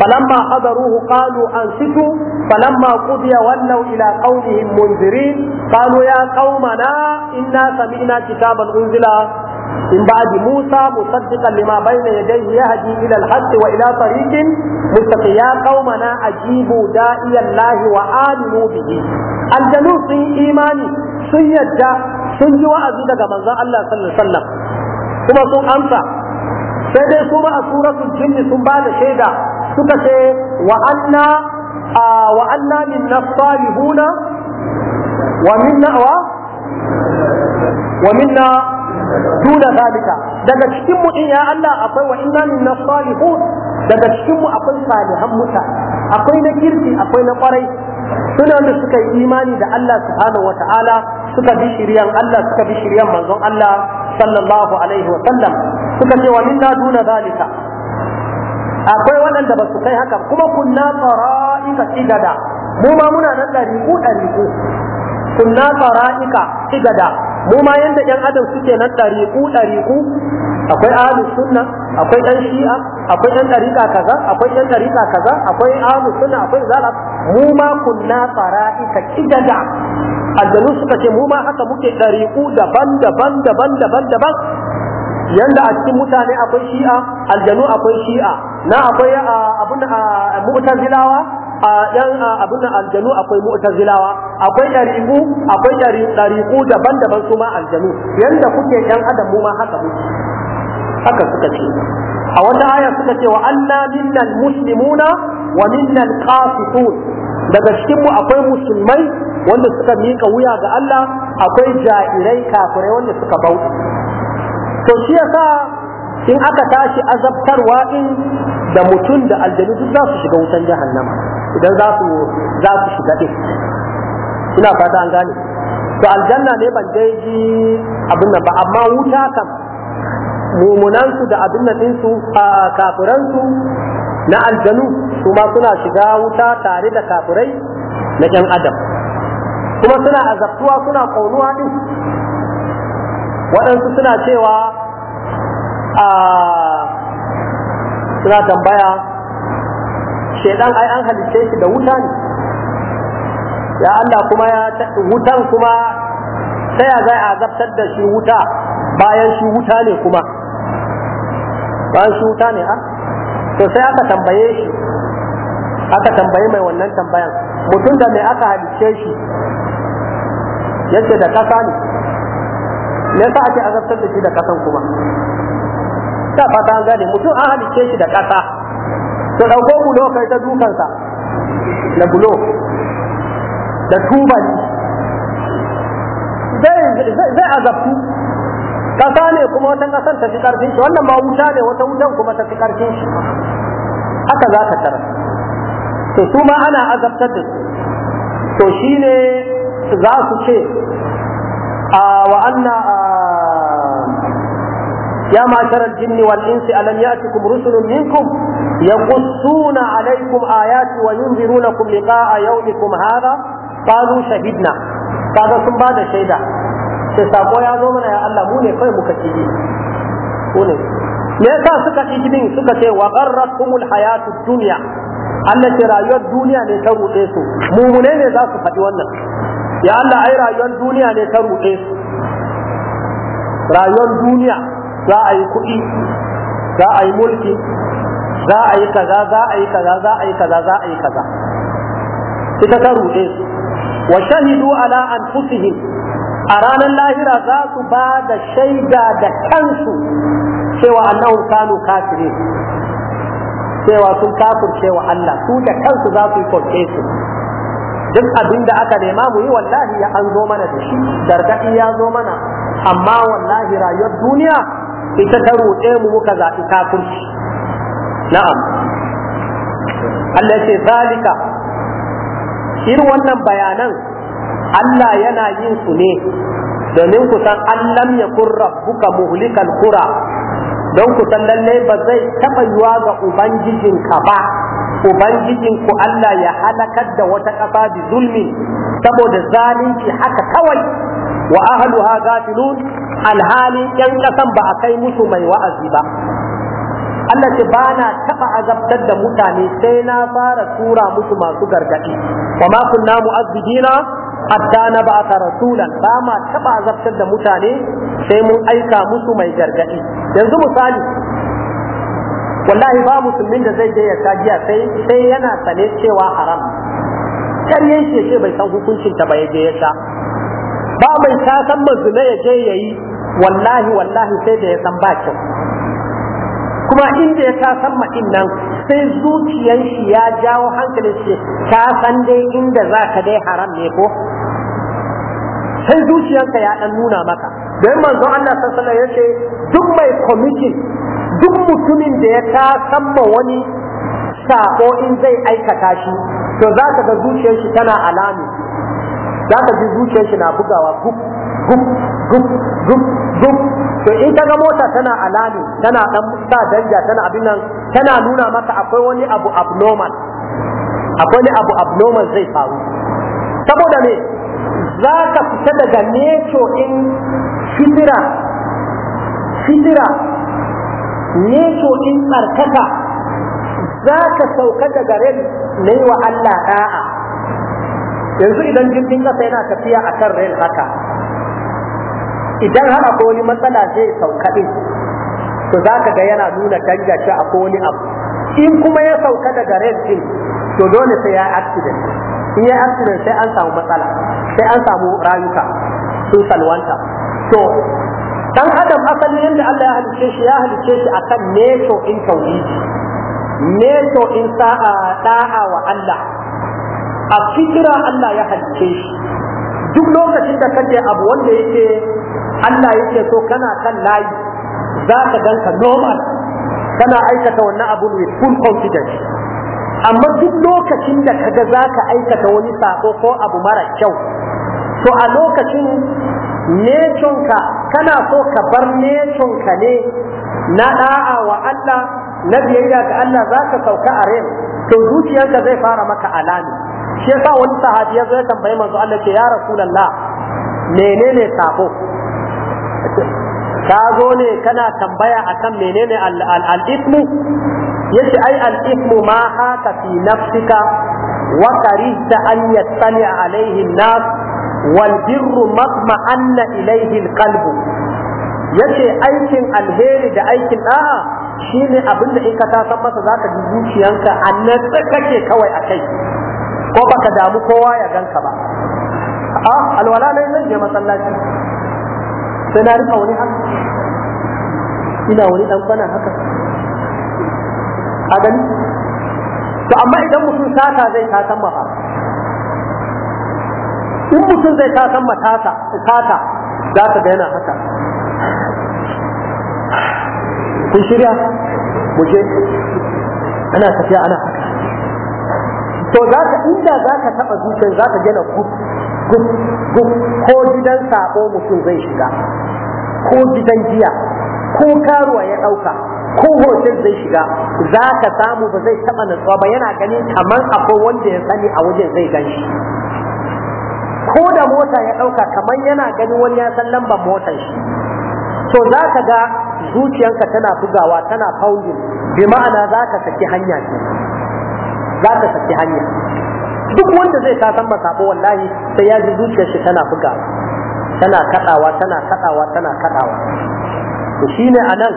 فلما حضروه قالوا أنصتوا فلما قضي ولوا إلى قومهم منذرين قالوا يا قومنا إنا سمعنا كتابا أنزل من بعد موسى مصدقا لما بين يديه يهدي إلى الحق وإلى طريق مستقيم يا قومنا أجيبوا داعي الله وآمنوا به الجنوب في إيماني سيجا sun ji wa'azi daga manzon Allah sallallahu alaihi wasallam kuma sun amsa sai dai su ba a suratul jinni sun ba da shaida suka ce wa anna wa anna minna wa minna wa wa minna duna zalika daga cikin mu ya Allah akwai wa inna minna salihun daga cikin mu akwai salihan mutane akwai na kirki akwai na kwarai suna da suka yi imani da Allah subhanahu wataala suka bi shiryan Allah suka bi shiryan manzon Allah sallallahu alaihi wa sallam suka ce wa minna duna zalika akwai waɗanda ba su kai haka kuma kunna fara'ika cigada mu ma muna nan ɗariku ɗariku kunna fara'ika cigada mu ma yanda ƴan adam suke nan ɗariku ɗariku akwai ahlus sunna akwai ɗan shi'a akwai ɗan ɗariƙa kaza akwai ɗan ɗariƙa kaza akwai ahlus sunna akwai zalaf mu ma kunna fara'ika cigada aljanu suka ce mu ma haka muke ɗariku daban daban daban daban daban yanda a cikin mutane akwai shi'a aljanu akwai shi'a na akwai abun mu'tazilawa a yan abin aljanu akwai mu'tazilawa akwai dariqu akwai dariqu daban-daban su ma aljanu yanda kuke yan adam mu ma haka muke haka suka ce a wata aya suka ce wa anna minnal muslimuna wa minnal qasitun daga cikin mu akwai musulmai wanda suka mika wuya ga Allah akwai jairai kafirai wanda suka bauta to shi yasa in aka tashi azabtarwa din da mutum da aljanu duk za su shiga wutan jahannama idan za su za su shiga din ina fata an gane to aljanna ne ban dai ji abin nan ba amma wuta kam su da abin nan su a su na aljanu su ma suna shiga wuta tare da kafirai na ƴan adam kuma suna azabtuwa suna ƙaunuwa ɗin waɗansu suna cewa a suna tambaya shaidan ai an halitta shi da wuta ne ya Allah kuma ya wutan kuma ta ya zai a zabtar da shi wuta bayan shi wuta ne kuma bayan shi wuta ne a to sai aka tambaye shi aka tambaye mai wannan tambayan mutum da mai aka halicce shi yadda da kasa ne me yasa ake azabtar da shi da kasan kuma ta fata an gane mutum an halice shi da kasa to dauko bulo kai ta dukansa da bulo da tubali zai azabtu kasa ne kuma wata kasan ta fi karfin shi wannan ma wuta ne wata wutan kuma ta fi karfin shi haka za ka tara to su ma ana azabtar da su to shine za su ce وأن يا معشر الجن والإنس ألم يأتكم رسل منكم يقصون عليكم آياتي وينذرونكم لقاء يومكم هذا قالوا شهدنا هذا ثم بعد شهدا sai sako ya zo mana ya Allah mu ne me yasa suka ci din suka ce wa gharrakumul hayatud dunya Allah rayuwar duniya ne ta ruɗe su mu ne za su faɗi wannan ya Allah ai rayuwar duniya ne ta ruɗe su rayuwar duniya za a yi kuɗi za a yi mulki za a yi kaza za a yi kaza za a yi kaza za a yi kaza ita ta ruɗe su wa shahidu ala anfusihim a ranar lahira za su ba da shaida da kansu cewa annahum kanu kafirin cewa sun kafirce wa Allah su da kansu za su yi kwarce su duk abin da aka nema mu yi wallahi ya an zo mana da shi gargaɗi ya zo mana amma wallahi rayuwar duniya ita ta ruɗe mu muka zaɓi kafirci na'am Allah ce zalika irin wannan bayanan Allah yana yin su ne domin ku san allam ya kurra buka muhlikal kura don ku san lalle ba zai taɓa yiwa ga ubangijinka ba ubangijin ku Allah ya halakar da wata ƙasa bi zulmi saboda zalunci haka kawai wa ha gafilun alhali yan ƙasan ba a kai musu mai wa'azi ba Allah ce ba na taɓa azabtar da mutane sai na fara tura musu masu gargaɗi wa ma kunna mu'azzibina hatta na ba ta rasulan ba ma taɓa azabtar da mutane sai mun aika musu mai gargaɗi yanzu misali wallahi ba musulmin da zai je ya sha jiya. sai sai yana sane cewa haram kar yake ce bai san hukuncin ta ba ya je ya sha ba mai ta san mazuna ya je ya wallahi wallahi sai da ya san ba kyau kuma inda ya ta san madin nan sai zuciyar shi ya jawo hankalin shi ta san dai inda za ka dai haram ne ko sai zuciyarka ya dan nuna maka don manzo Allah sallallahu alaihi wasallam yace duk mai committee duk mutumin da ya ta ma wani sako in zai aikata shi to za ka ga zuciyar shi tana alami za ka ji zuciyar shi na bugawa guk guk guk guk guk to in ka ga mota tana alami tana dan sa danja tana abin nan tana nuna maka akwai wani abu abnormal akwai wani abu abnormal zai faru saboda me za ka fita daga neco in fitira fitira neto in tsarkaka za ka sauka daga Na ne wa Allah da'a yanzu idan jirgin ƙasa yana tafiya a kan ren haka idan har akwai wani matsala zai sauka ɗin to za ka ga yana nuna canja shi a wani abu in kuma ya sauka daga ren ɗin to dole sai ya accident in ya accident sai an samu matsala sai an samu rayuka sun salwanta to dan adam asali yadda Allah ya halice shi ya halice shi akan neto in tauhidi neto in sa'a da'a wa Allah a fikira Allah ya halice shi duk lokacin da kaje abu wanda yake Allah yake so kana kan layi za ka ganka normal kana aikata wannan abu with full confidence amma duk lokacin da kaga za ka aikata wani sako ko abu mara kyau to a lokacin neconka kana so ka bar ka ne na da'a wa Allah na biyayya ga Allah za ka sauka a rai to zuciyarka zai fara maka alani shi yasa wani sahabi ya zo ya tambayi manzo Allah ce ya rasulullah menene sabo ka zo ne kana tambaya akan menene al-ismu yace ai al-ismu ma haka fi nafsika wa karihta an yattali alaihi nas wal birru matma'anna ilayhi alqalbu yace aikin alheri da aikin shi ne abin da in ka ta san masa zaka ji zuciyanka annan kake kawai a kai, ko baka damu kowa ya ganka ba a alwala ne zan je masallaci sai na rufa wani haka ina wani dan kwana haka a gani to amma idan mutum sata zai ta san ba in mutum zai tasan matasa tata za ta ga yana haka kun shirya mu je ana tafiya ana haka to za ka inda za ka taɓa zuciyar za ka gina gub ko gidan sabo mutum zai shiga ko gidan giya ko karuwa ya ɗauka ko hotel zai shiga za ka samu ba zai taɓa nasuwa ba yana ganin kamar akwai wanda ya sani a wajen zai gan shi ko da mota ya ɗauka kamar yana gani wani ya san lambar motar shi to za ka ga zuciyarka tana bugawa tana pounding bi ma'ana za ka saki hanya ce za ka saki hanya duk wanda zai ta ba sabo wallahi sai ya ji zuciyar shi tana bugawa tana kaɗawa tana kaɗawa tana kaɗawa to shine anan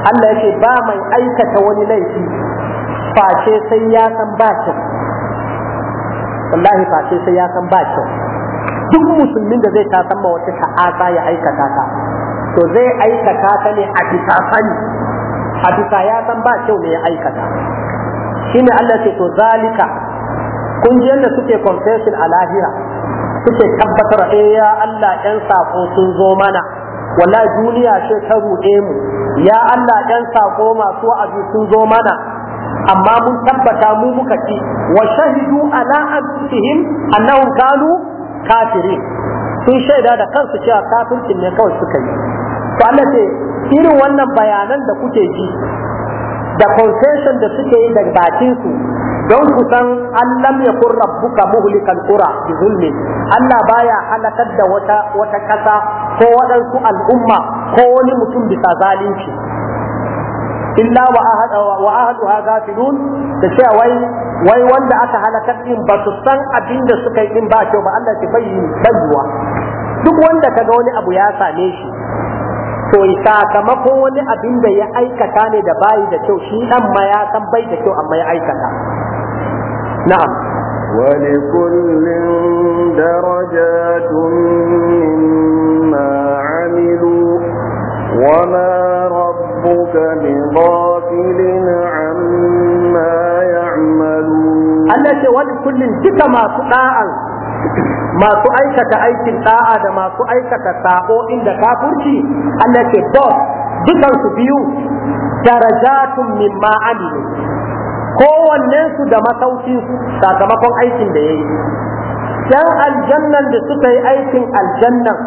Allah yake ba mai aikata wani laifi face sai ya san bakin wallahi face sai ya san ba kyau duk musulmin da zai ta ma wata ta'asa ya aikata ta to zai aikata ta ne a bisa sani a bisa ya san ba kyau ne ya aikata shine Allah ce to zalika kun ji yadda suke confession a lahira suke tabbatar eh ya Allah ɗan sako sun zo mana wallahi duniya ce ta ruɗe mu ya Allah ɗan sako masu abu sun zo mana amma mun tabbata mu muka ci wa shahidu ala anfusihim annahum kanu kafirin sun shaida da kansu cewa kafircin ne kawai suka yi to Allah ce irin wannan bayanan da kuke ji da confession da suke yi daga bakin su don ku san Allah ya kun rabbuka muhlikal qura bi zulmi Allah baya halakar da wata wata kasa ko waɗansu al'umma ko wani mutum bisa zalunci illa wa ahad wa ahaduha gafilun da cewa wai wanda aka halakar din ba su san abin da suka yi din ba kyau ba Allah ki bayyana bayyuwa duk wanda ka ga wani abu ya same shi to sakamako wani abin da ya aikata ne da bayi da kyau shi dan ma ya bai da kyau amma ya aikata na'am ولكل درجات مما عملوا وما رأوا بغافل عما يعملون الله ولكل جك ما سؤال masu aikata aikin ɗa'a, da masu aikata sako da kafurci Allah ke boss dukan su biyu darajatun mimma amilu kowannen su da masauki sakamakon aikin da yayi dan aljannan da suka yi aikin aljannan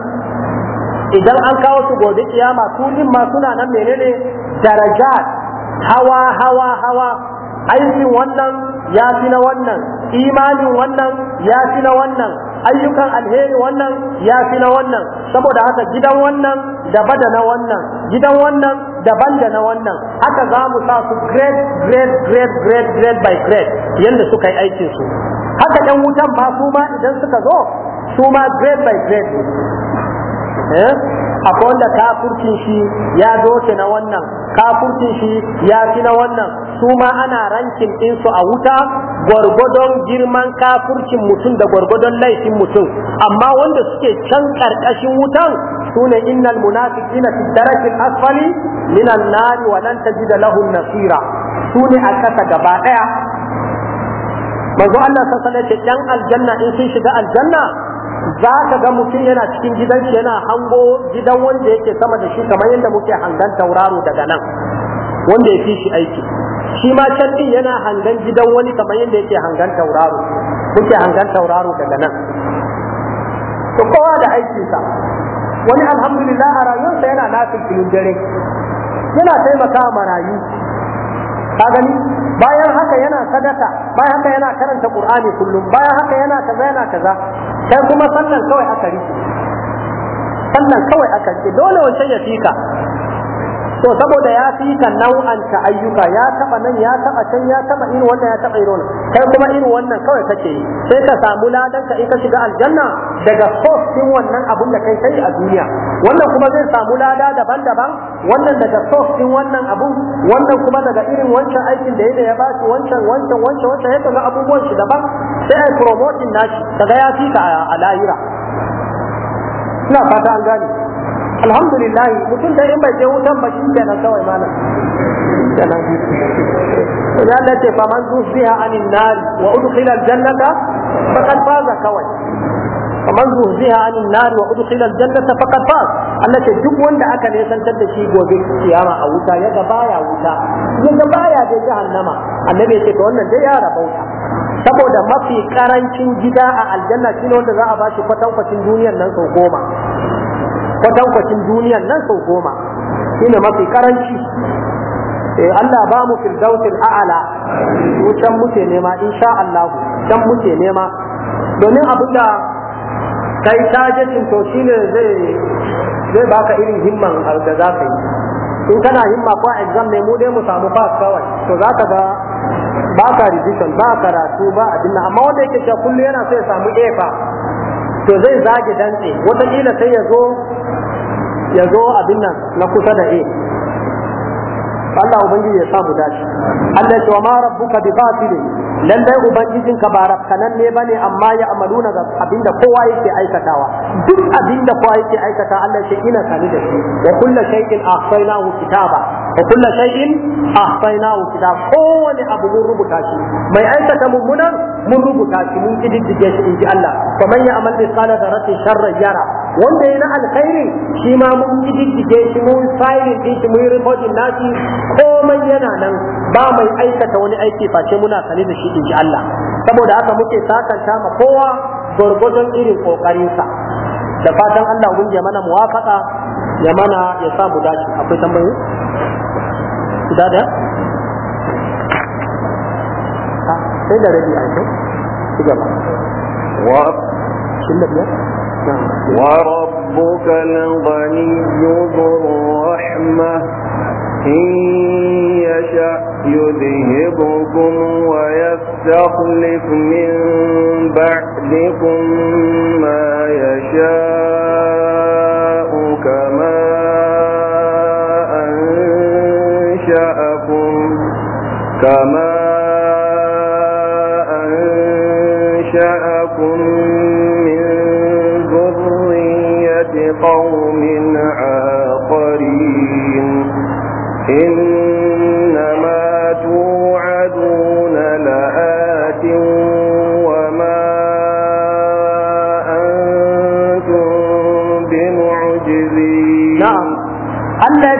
idan an kawo su gobe kiyama su ma suna nan menene darajat hawa hawa hawa aikin wannan ya fi na wannan imanin wannan ya fi na wannan ayyukan alheri wannan ya fi na wannan saboda haka gidan wannan daban da na wannan gidan wannan daban da na wannan haka za mu sa su great great great great great by great yadda suka yi aikin su haka yan wutan ma su ma idan suka zo su ma great by great eh akwai wanda kafurcin shi ya doke na wannan kafurcin shi ya fi na wannan su ma ana rankin ɗinsu a wuta gwargwadon girman kafurcin mutum da gwargwadon laifin mutum amma wanda suke can ƙarƙashin wutan su ne innal munafiqina fi darakil asfali minan nari wa lan tajida lahum nasira su ne a ƙasa gaba ɗaya manzo Allah sallallahu alaihi wasallam ce dan aljanna in sun shiga aljanna za ka ga mutum yana cikin gidan shi yana hango gidan wanda yake sama da shi kamar yadda muke hangan tauraro daga nan wanda ya fi shi aiki shi ma can din yana hangan gidan wani kamar yadda yake hangan tauraro muke hangan tauraro daga nan to kowa da aikinsa wani alhamdulillah a rayuwarsa yana nafin filin dare yana taimaka marayu ka gani bayan haka yana sadaka bayan haka yana karanta qur'ani kullum bayan haka yana kaza yana kaza sai kuma sannan kawai aka rike sannan kawai aka rike dole wancan ya fika to saboda ya fi ka ta ayyuka ya taba nan ya taba can ya taba irin wannan ya taba irin kai kuma irin wannan kawai kake yi sai ka samu ladan ka ka shiga aljanna daga source din wannan abun da kai kai a duniya wannan kuma zai samu lada daban-daban wannan daga source din wannan abun wannan kuma daga irin wancan aikin da yake ya ba shi wancan wancan wancan wancan ya kaga abubuwan shi daban sai ai promoting nashi daga ya fi ka a lahira ina fata an gane alhamdulillah mutum da in bai je wutan ba shi kenan kawai malam kenan idan Allah ce fa man zuhziha anin nar wa udkhila aljannata faqad faza kawai fa man zuhziha anin nar wa udkhila aljannata faqad faz Allah ce duk wanda aka nesantar da shi gobe kiyama a wuta ya ga baya wuta ya ga baya da jahannama annabi ya ce ga wannan dai ya rabauta saboda mafi karancin gida a aljanna shine wanda za a ba bashi kwatankwacin duniyar nan sau goma kwatankwacin duniyan nan sau goma shine mafi karanci eh, Allah ba mu firdausin a'ala mu can muke nema insha Allah can muke nema domin abinda kai tajajin to shi zai zai baka irin himman da za ka yi in kana himma ko exam ne mu dai mu samu pass kawai to za ka ga ba ka revision ba karatu ba abin amma wanda yake cewa kullu yana so ya samu A fa to zai zage dantse wataƙila sai ya zo ya zo abin nan na kusa da e Allah ubangiji ya samu dace Allah ya ce wa ma rabbuka bi batilin lallai ubangijin ka ba rafkanan ne bane amma ya amaluna ga abinda kowa yake aikatawa duk abinda kowa yake aikata Allah shi ina sani da shi wa kullu shay'in ahsaynahu kitaba wa kullu shay'in ahsaynahu kitaba kowane abu mun rubuta shi mai aikata mummunan mun rubuta shi mun kididdige shi inji Allah kamar ya amal bi qala dharati sharra yara wanda ya na alkhairi shi ma mun kididdige shi mun fayin din shi mun rikodin nashi komai yana nan ba mai aikata wani aiki face muna sani da shi in ji Allah saboda haka muke sakanta ma kowa gwargwadon irin kokarinsa da fatan Allah mun ya mana muwafaka ya mana ya sa mu dace akwai tambayoyi da da ah, sai da rabi a kai gaba wa shin da biyar وربك الغني ذو الرحمة إن يشأ يذهبكم ويستخلف من بعدكم ما يشاء كما أنشأكم كما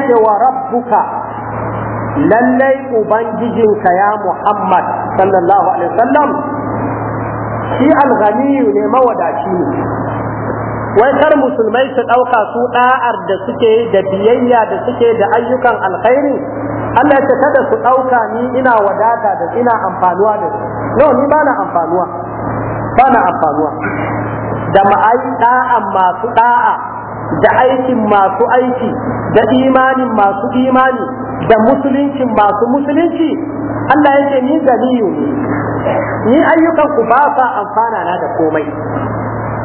ce wa rabbuka lallai ubangijinka ya Muhammad sallallahu alaihi wasallam shi alghaniyu ne mawadaci ne wai kar musulmai su ɗauka su ɗa'ar da suke da biyayya da suke da ayyukan alkhairi Allah ya kada su ɗauka ni ina wadata da ina amfanuwa da su no ni ba na amfanuwa ba na amfanuwa da ma'ai ɗa'an masu ɗa'a da aikin masu aiki da imanin masu imani da musuluncin masu musulunci Allah yake ni ganiyu ni ayyukan ku ba sa amfana na da komai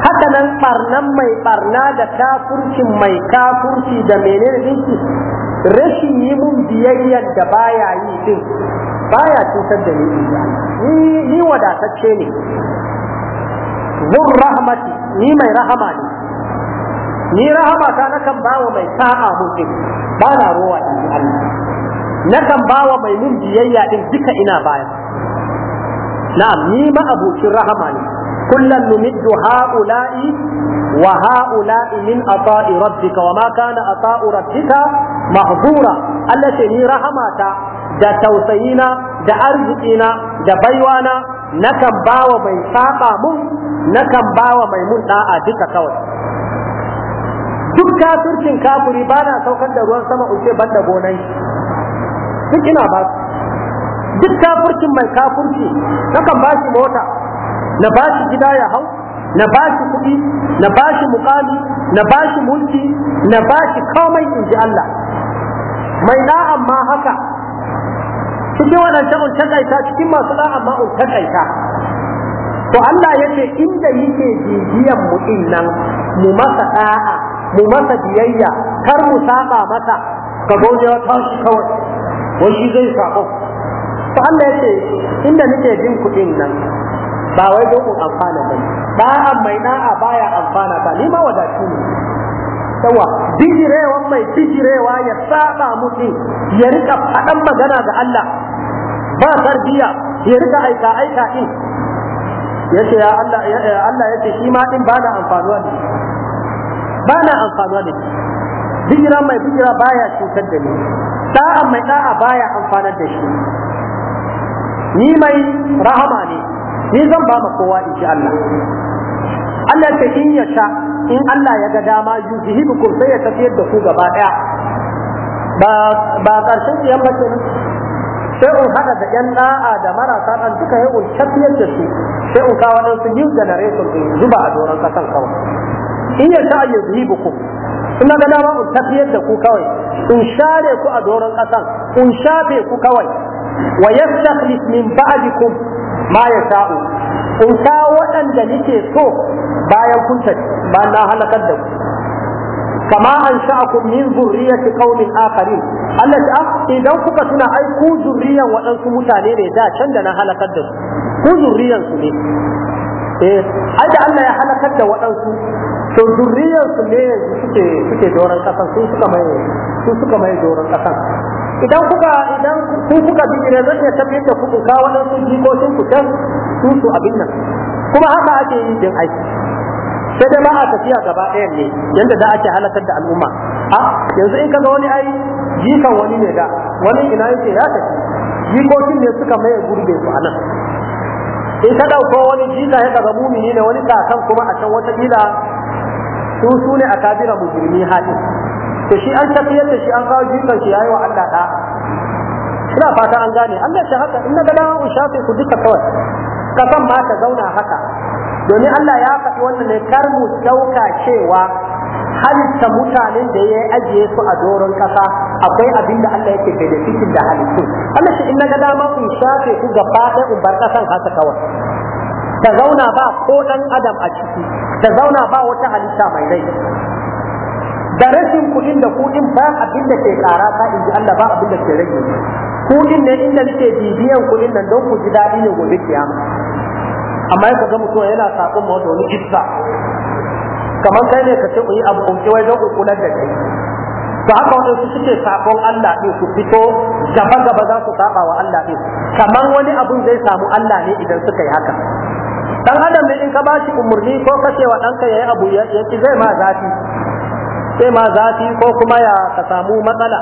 haka nan barnan mai barna da kafurcin mai kafurci da menene dinki rashin yi mun biyayyar da baya yi din baya cutar da ni ni wadatacce ne zur rahmati ni mai rahama ne ni rahama ta nakan bawa mai sa'a mutum ba na rowa in ji Allah nakan bawa mai mun biyayya din duka ina baya na'am ni ma abokin rahama ne kullan numiddu ha'ula'i wa ha'ula'i min ata'i rabbika wa ma kana ata'u rabbika mahzura Allah ce ni rahama ta da tausayina da arzikina da baiwana nakan bawa mai saba mun nakan bawa mai mun da'a duka kawai duk kafircin kafuri ba na saukar da ruwan sama uce ban da gonan duk ina ba duk kafircin mai kafirci nakan ba shi mota na ba shi gida ya hau na ba shi kuɗi na ba shi na ba shi mulki na ba shi komai in ji Allah mai da'an ma haka cikin waɗanda un takaita cikin masu da'an ma un takaita to Allah ya ce inda yake jijiyan mu nan mu masa da'a mu masa biyayya kar mu saba masa ka goje wa tashi kawai wai shi zai sako to Allah ya ce inda nake jin kuɗin nan ba wai don mu amfana ba da'an mai a baya amfana ba ni ma wadatu ne yawa bijirewa mai bijirewa ya saba mutum ya rika faɗan magana ga Allah ba tarbiya ya rika aika aika din yace ya Allah Allah yace shi ma din ba da amfanuwa ne ba na amfanuwa da shi mai bikira baya cutar da ni da'a mai da'a baya amfanar da shi ni mai rahama ne ni zan ba ma kowa in ji Allah Allah ta in ya sha in Allah ya ga dama yuzhibukum sai ya tafiyar da ku gaba daya ba ba karshen kiyan ba kenan sai in hada da yan da'a da marasa dan duka ya tafiyar da su sai in kawo dan su new generation zuba a doron kasan kawai in ya sha yuzhibukum ina ga dama in tafiyar da ku kawai in share ku a doron ƙasan in shafe ku kawai wa yastakhlif min ba'dikum ma yasha'u in ka waɗanda nake so bayan kun tafi Ba na halakar da ku kama an sha'akum min zurriyyati qaumin akharin Allah ta ah, idan kuka suna ai ku zurriyan waɗansu mutane ne da can da na halakar da su ku zurriyan su ne eh ai da Allah ya halakar da waɗansu to su ne suke suke doron kasan su suka mai su suka mai doron kasan idan kuka idan su kuka bi ne zan iya tabbiyar da kuka ka ji ko ku kuka su su abin nan kuma haka ake yi din aiki sai dai ba a tafiya gaba ɗaya ne yadda a ake halakar da al'umma a yanzu in ga wani ai jikan wani ne da wani ina yake ya tafi jikokin ne suka maye gurbe su a nan in ka ɗauko wani jika ya kaga mumini ne wani kakan kuma a can wata ila su su ne akabira mujrimi haɗin to shi an tafiyar da shi an kawo jikan shi yayi wa Allah da ina fata an gane Allah shi haka inna da lawa shafi ku duka kawai kafan ma ta zauna haka domin Allah ya faɗi wannan ne kar mu dauka cewa halitta mutanen da ya ajiye su a doron kasa akwai abin da Allah yake benefitin da halittu Allah shi inna ga dama ku shafe ku gaba ɗaya umbar kasan haka kawai ta zauna ba ko ɗan adam a ciki ta zauna ba wata halitta mai rai da rashin kuɗin da kuɗin ba abin da ke ƙara ta in ji Allah ba abin da ke rage kuɗin ne inda nake bibiyan kuɗin nan don ku ji daɗi ne gobe kiyama amma ya ga mutum yana saƙon ma wani isa kamar kai ne ka ce ku yi abu kunki wai don ku kula da kai to haka su suke saƙon Allah ɗin su fito gaba gaba za su saɓa wa Allah ɗin kamar wani abun zai samu Allah ne idan suka yi haka dan adam ne in ka ba shi umarni ko ka ce wa ɗanka ya yi abu ya ki zai ma zafi zai ma zafi ko kuma ya ka samu matsala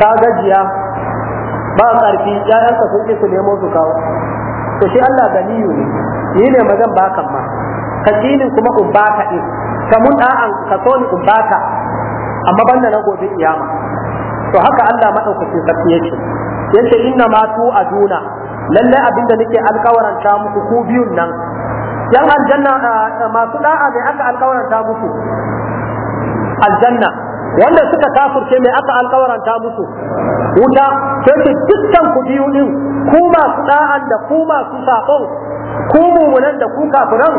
ka gajiya ba ƙarfi ƴaƴanka sun ƙi su nemo su kawo to shi Allah galiyu ne ni ne magan kan ma ka kinin kuma in ka ɗin ka mun ɗa'an ka so ni ba ka. amma banda na gobe kiyama to haka Allah maɗaukacin sarki yake yace inna ma tu aduna lalle abinda nake alkawaranta muku ku biyun nan yan aljanna masu da'a mai aka alkawaranta muku aljanna wanda suka kafurce mai aka alkawaranta musu wuta sai ce dukkan ku biyu din ku masu da'an da ku masu sakon ku mumunan da ku kafiran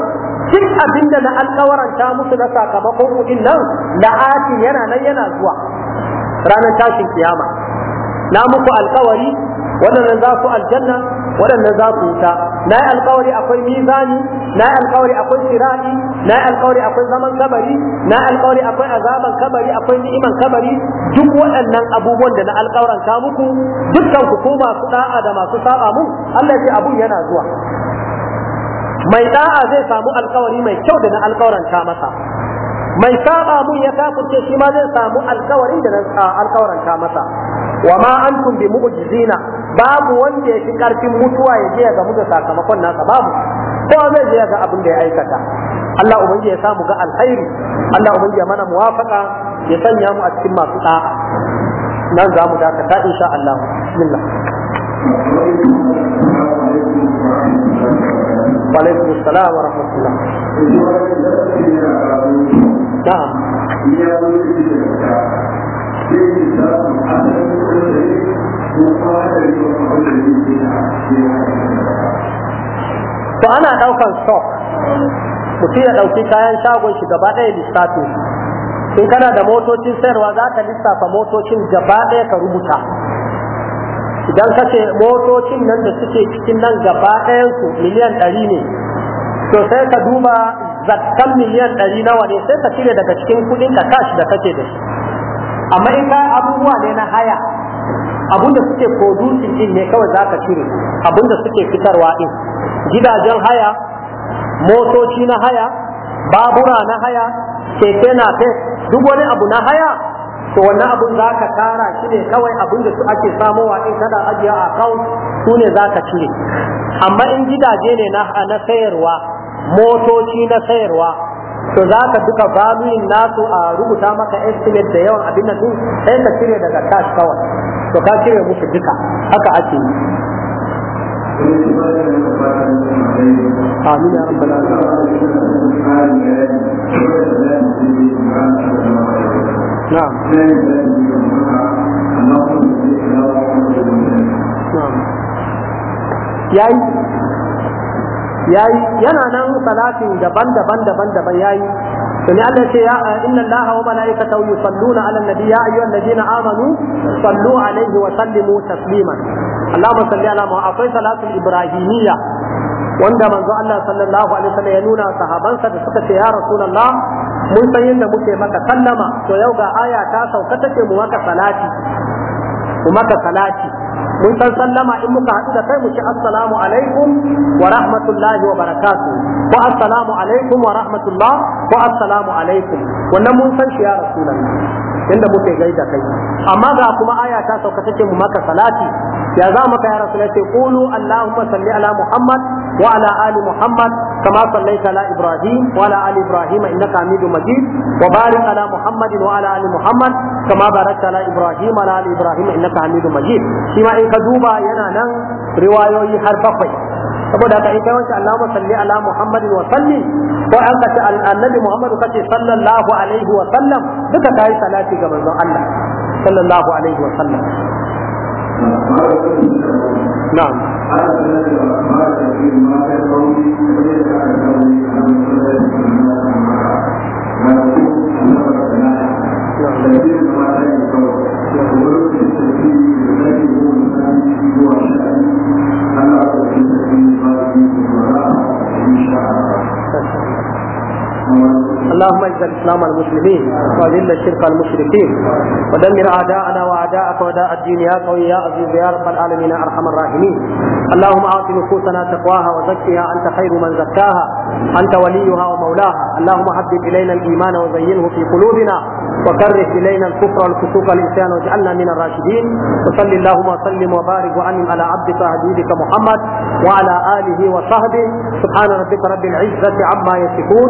duk abinda na alkawaranta musu na sakamakon ku din nan la'ati yana nan yana zuwa ranar tashin kiyama na muku alkawari waɗannan za su aljanna waɗannan za su wuta na yi alkawari akwai mizani na yi alkawari akwai sirati na yi alkawari akwai zaman kabari na yi alkawari akwai azaban kabari akwai ni'iman kabari duk waɗannan abubuwan da na alkawaran ka muku dukkan ku ko masu da'a da masu saba mu Allah ya ce abun yana zuwa mai da'a zai samu alkawari mai kyau da na alkawaran ka masa mai saba mun ya kafirce shi ma zai samu alkawarin da alkawaranta masa wa ma antum bi mu'jizina babu wanda ya fi karfin mutuwa ya je ya gamu da sakamakon nasa babu ko zai je ya ga abin da ya aikata Allah ubangiji ya samu ga alkhairi Allah ubangiji ya mana muwafaqa ya sanya mu a cikin masu da'a nan za mu dakata insha Allah bismillah wa to ana ɗaukan stock mutum ya ɗauki kayan shagon shi gaba ɗaya lissafin in kana da motocin sayarwa za ka lissafa motocin gaba ɗaya ka rubuta idan ka ce motocin nan da suke cikin nan gaba ɗayansu miliyan ɗari ne to sai ka duba zakkan miliyan ɗari nawa ne sai ka cire daga cikin kuɗin ka kashi da kake da shi amma in ka abubuwa ne na haya abun da suke producing din ne kawai za ka cire abun da suke fitarwa din gidajen haya motoci na haya babura na haya keke na duk wani abu na haya to wannan abun za ka tara shi ne kawai abin da su ake samowa in kana ajiya a account su ne za ka cire amma in gidaje ne na sayarwa motoci na sayarwa to za ka duka valuin nasu a rubuta maka estimate da yawan abin nan sai ka cire daga cash kawai to ka cire musu duka haka ake yi Amin ya rabbal alamin نعم نعم yayi yana nan salatin daban-daban daban-daban yayi to ne Allah ce ya inna Allaha wa malaikatahu yusalluna ala nabi sallu alaihi wa sallimu tasliman Allahumma salli ala akwai salatul ibrahimiyya wanda manzo Allah sallallahu alaihi wasallam ya nuna sahabansa da suka ce ya mun san yadda muke maka sallama to yau ga aya ta sauka take mu maka salati mu maka salati mun san sallama in muka haɗu da kai mu ci assalamu alaikum wa rahmatullahi wa barakatuh ko assalamu alaikum wa rahmatullah ko assalamu alaikum wannan mun san shi ya rasulullah inda muke gaida kai amma ga kuma aya ta sauka take mu maka salati ya za maka ya rasul ce qulu allahumma salli ala muhammad wa ala ali muhammad kama sallaita ala ibrahim wa ala ali ibrahim innaka hamidum majid wa barik ala muhammad wa ala ali muhammad kama barakta ala ibrahim wa ala ali ibrahim innaka hamidum majid shi ma in ka duba yana nan riwayoyi har bakwai saboda haka in kai wancan Allahumma salli ala Muhammadin wa salli ko an ka ce annabi Muhammadu kace sallallahu alaihi wa sallam duka kai salati ga manzon Allah sallallahu alaihi wa sallam na'am Thank you. إن شاء الله اللهم اجزى الاسلام المسلمين واذل الشرك المشركين ودمر اعداءنا واعداءك واعداء الدين يا قوي يا عزيز يا رب العالمين ارحم الراحمين اللهم اعط نفوسنا تقواها وزكها انت خير من زكاها انت وليها ومولاها اللهم حبب الينا الايمان وزينه في قلوبنا وكره الينا الكفر والفسوق الإنسان واجعلنا من الراشدين وصل اللهم وسلم وبارك وأنم على عبدك وحبيبك محمد وعلى اله وصحبه سبحان ربك رب العزه عما يصفون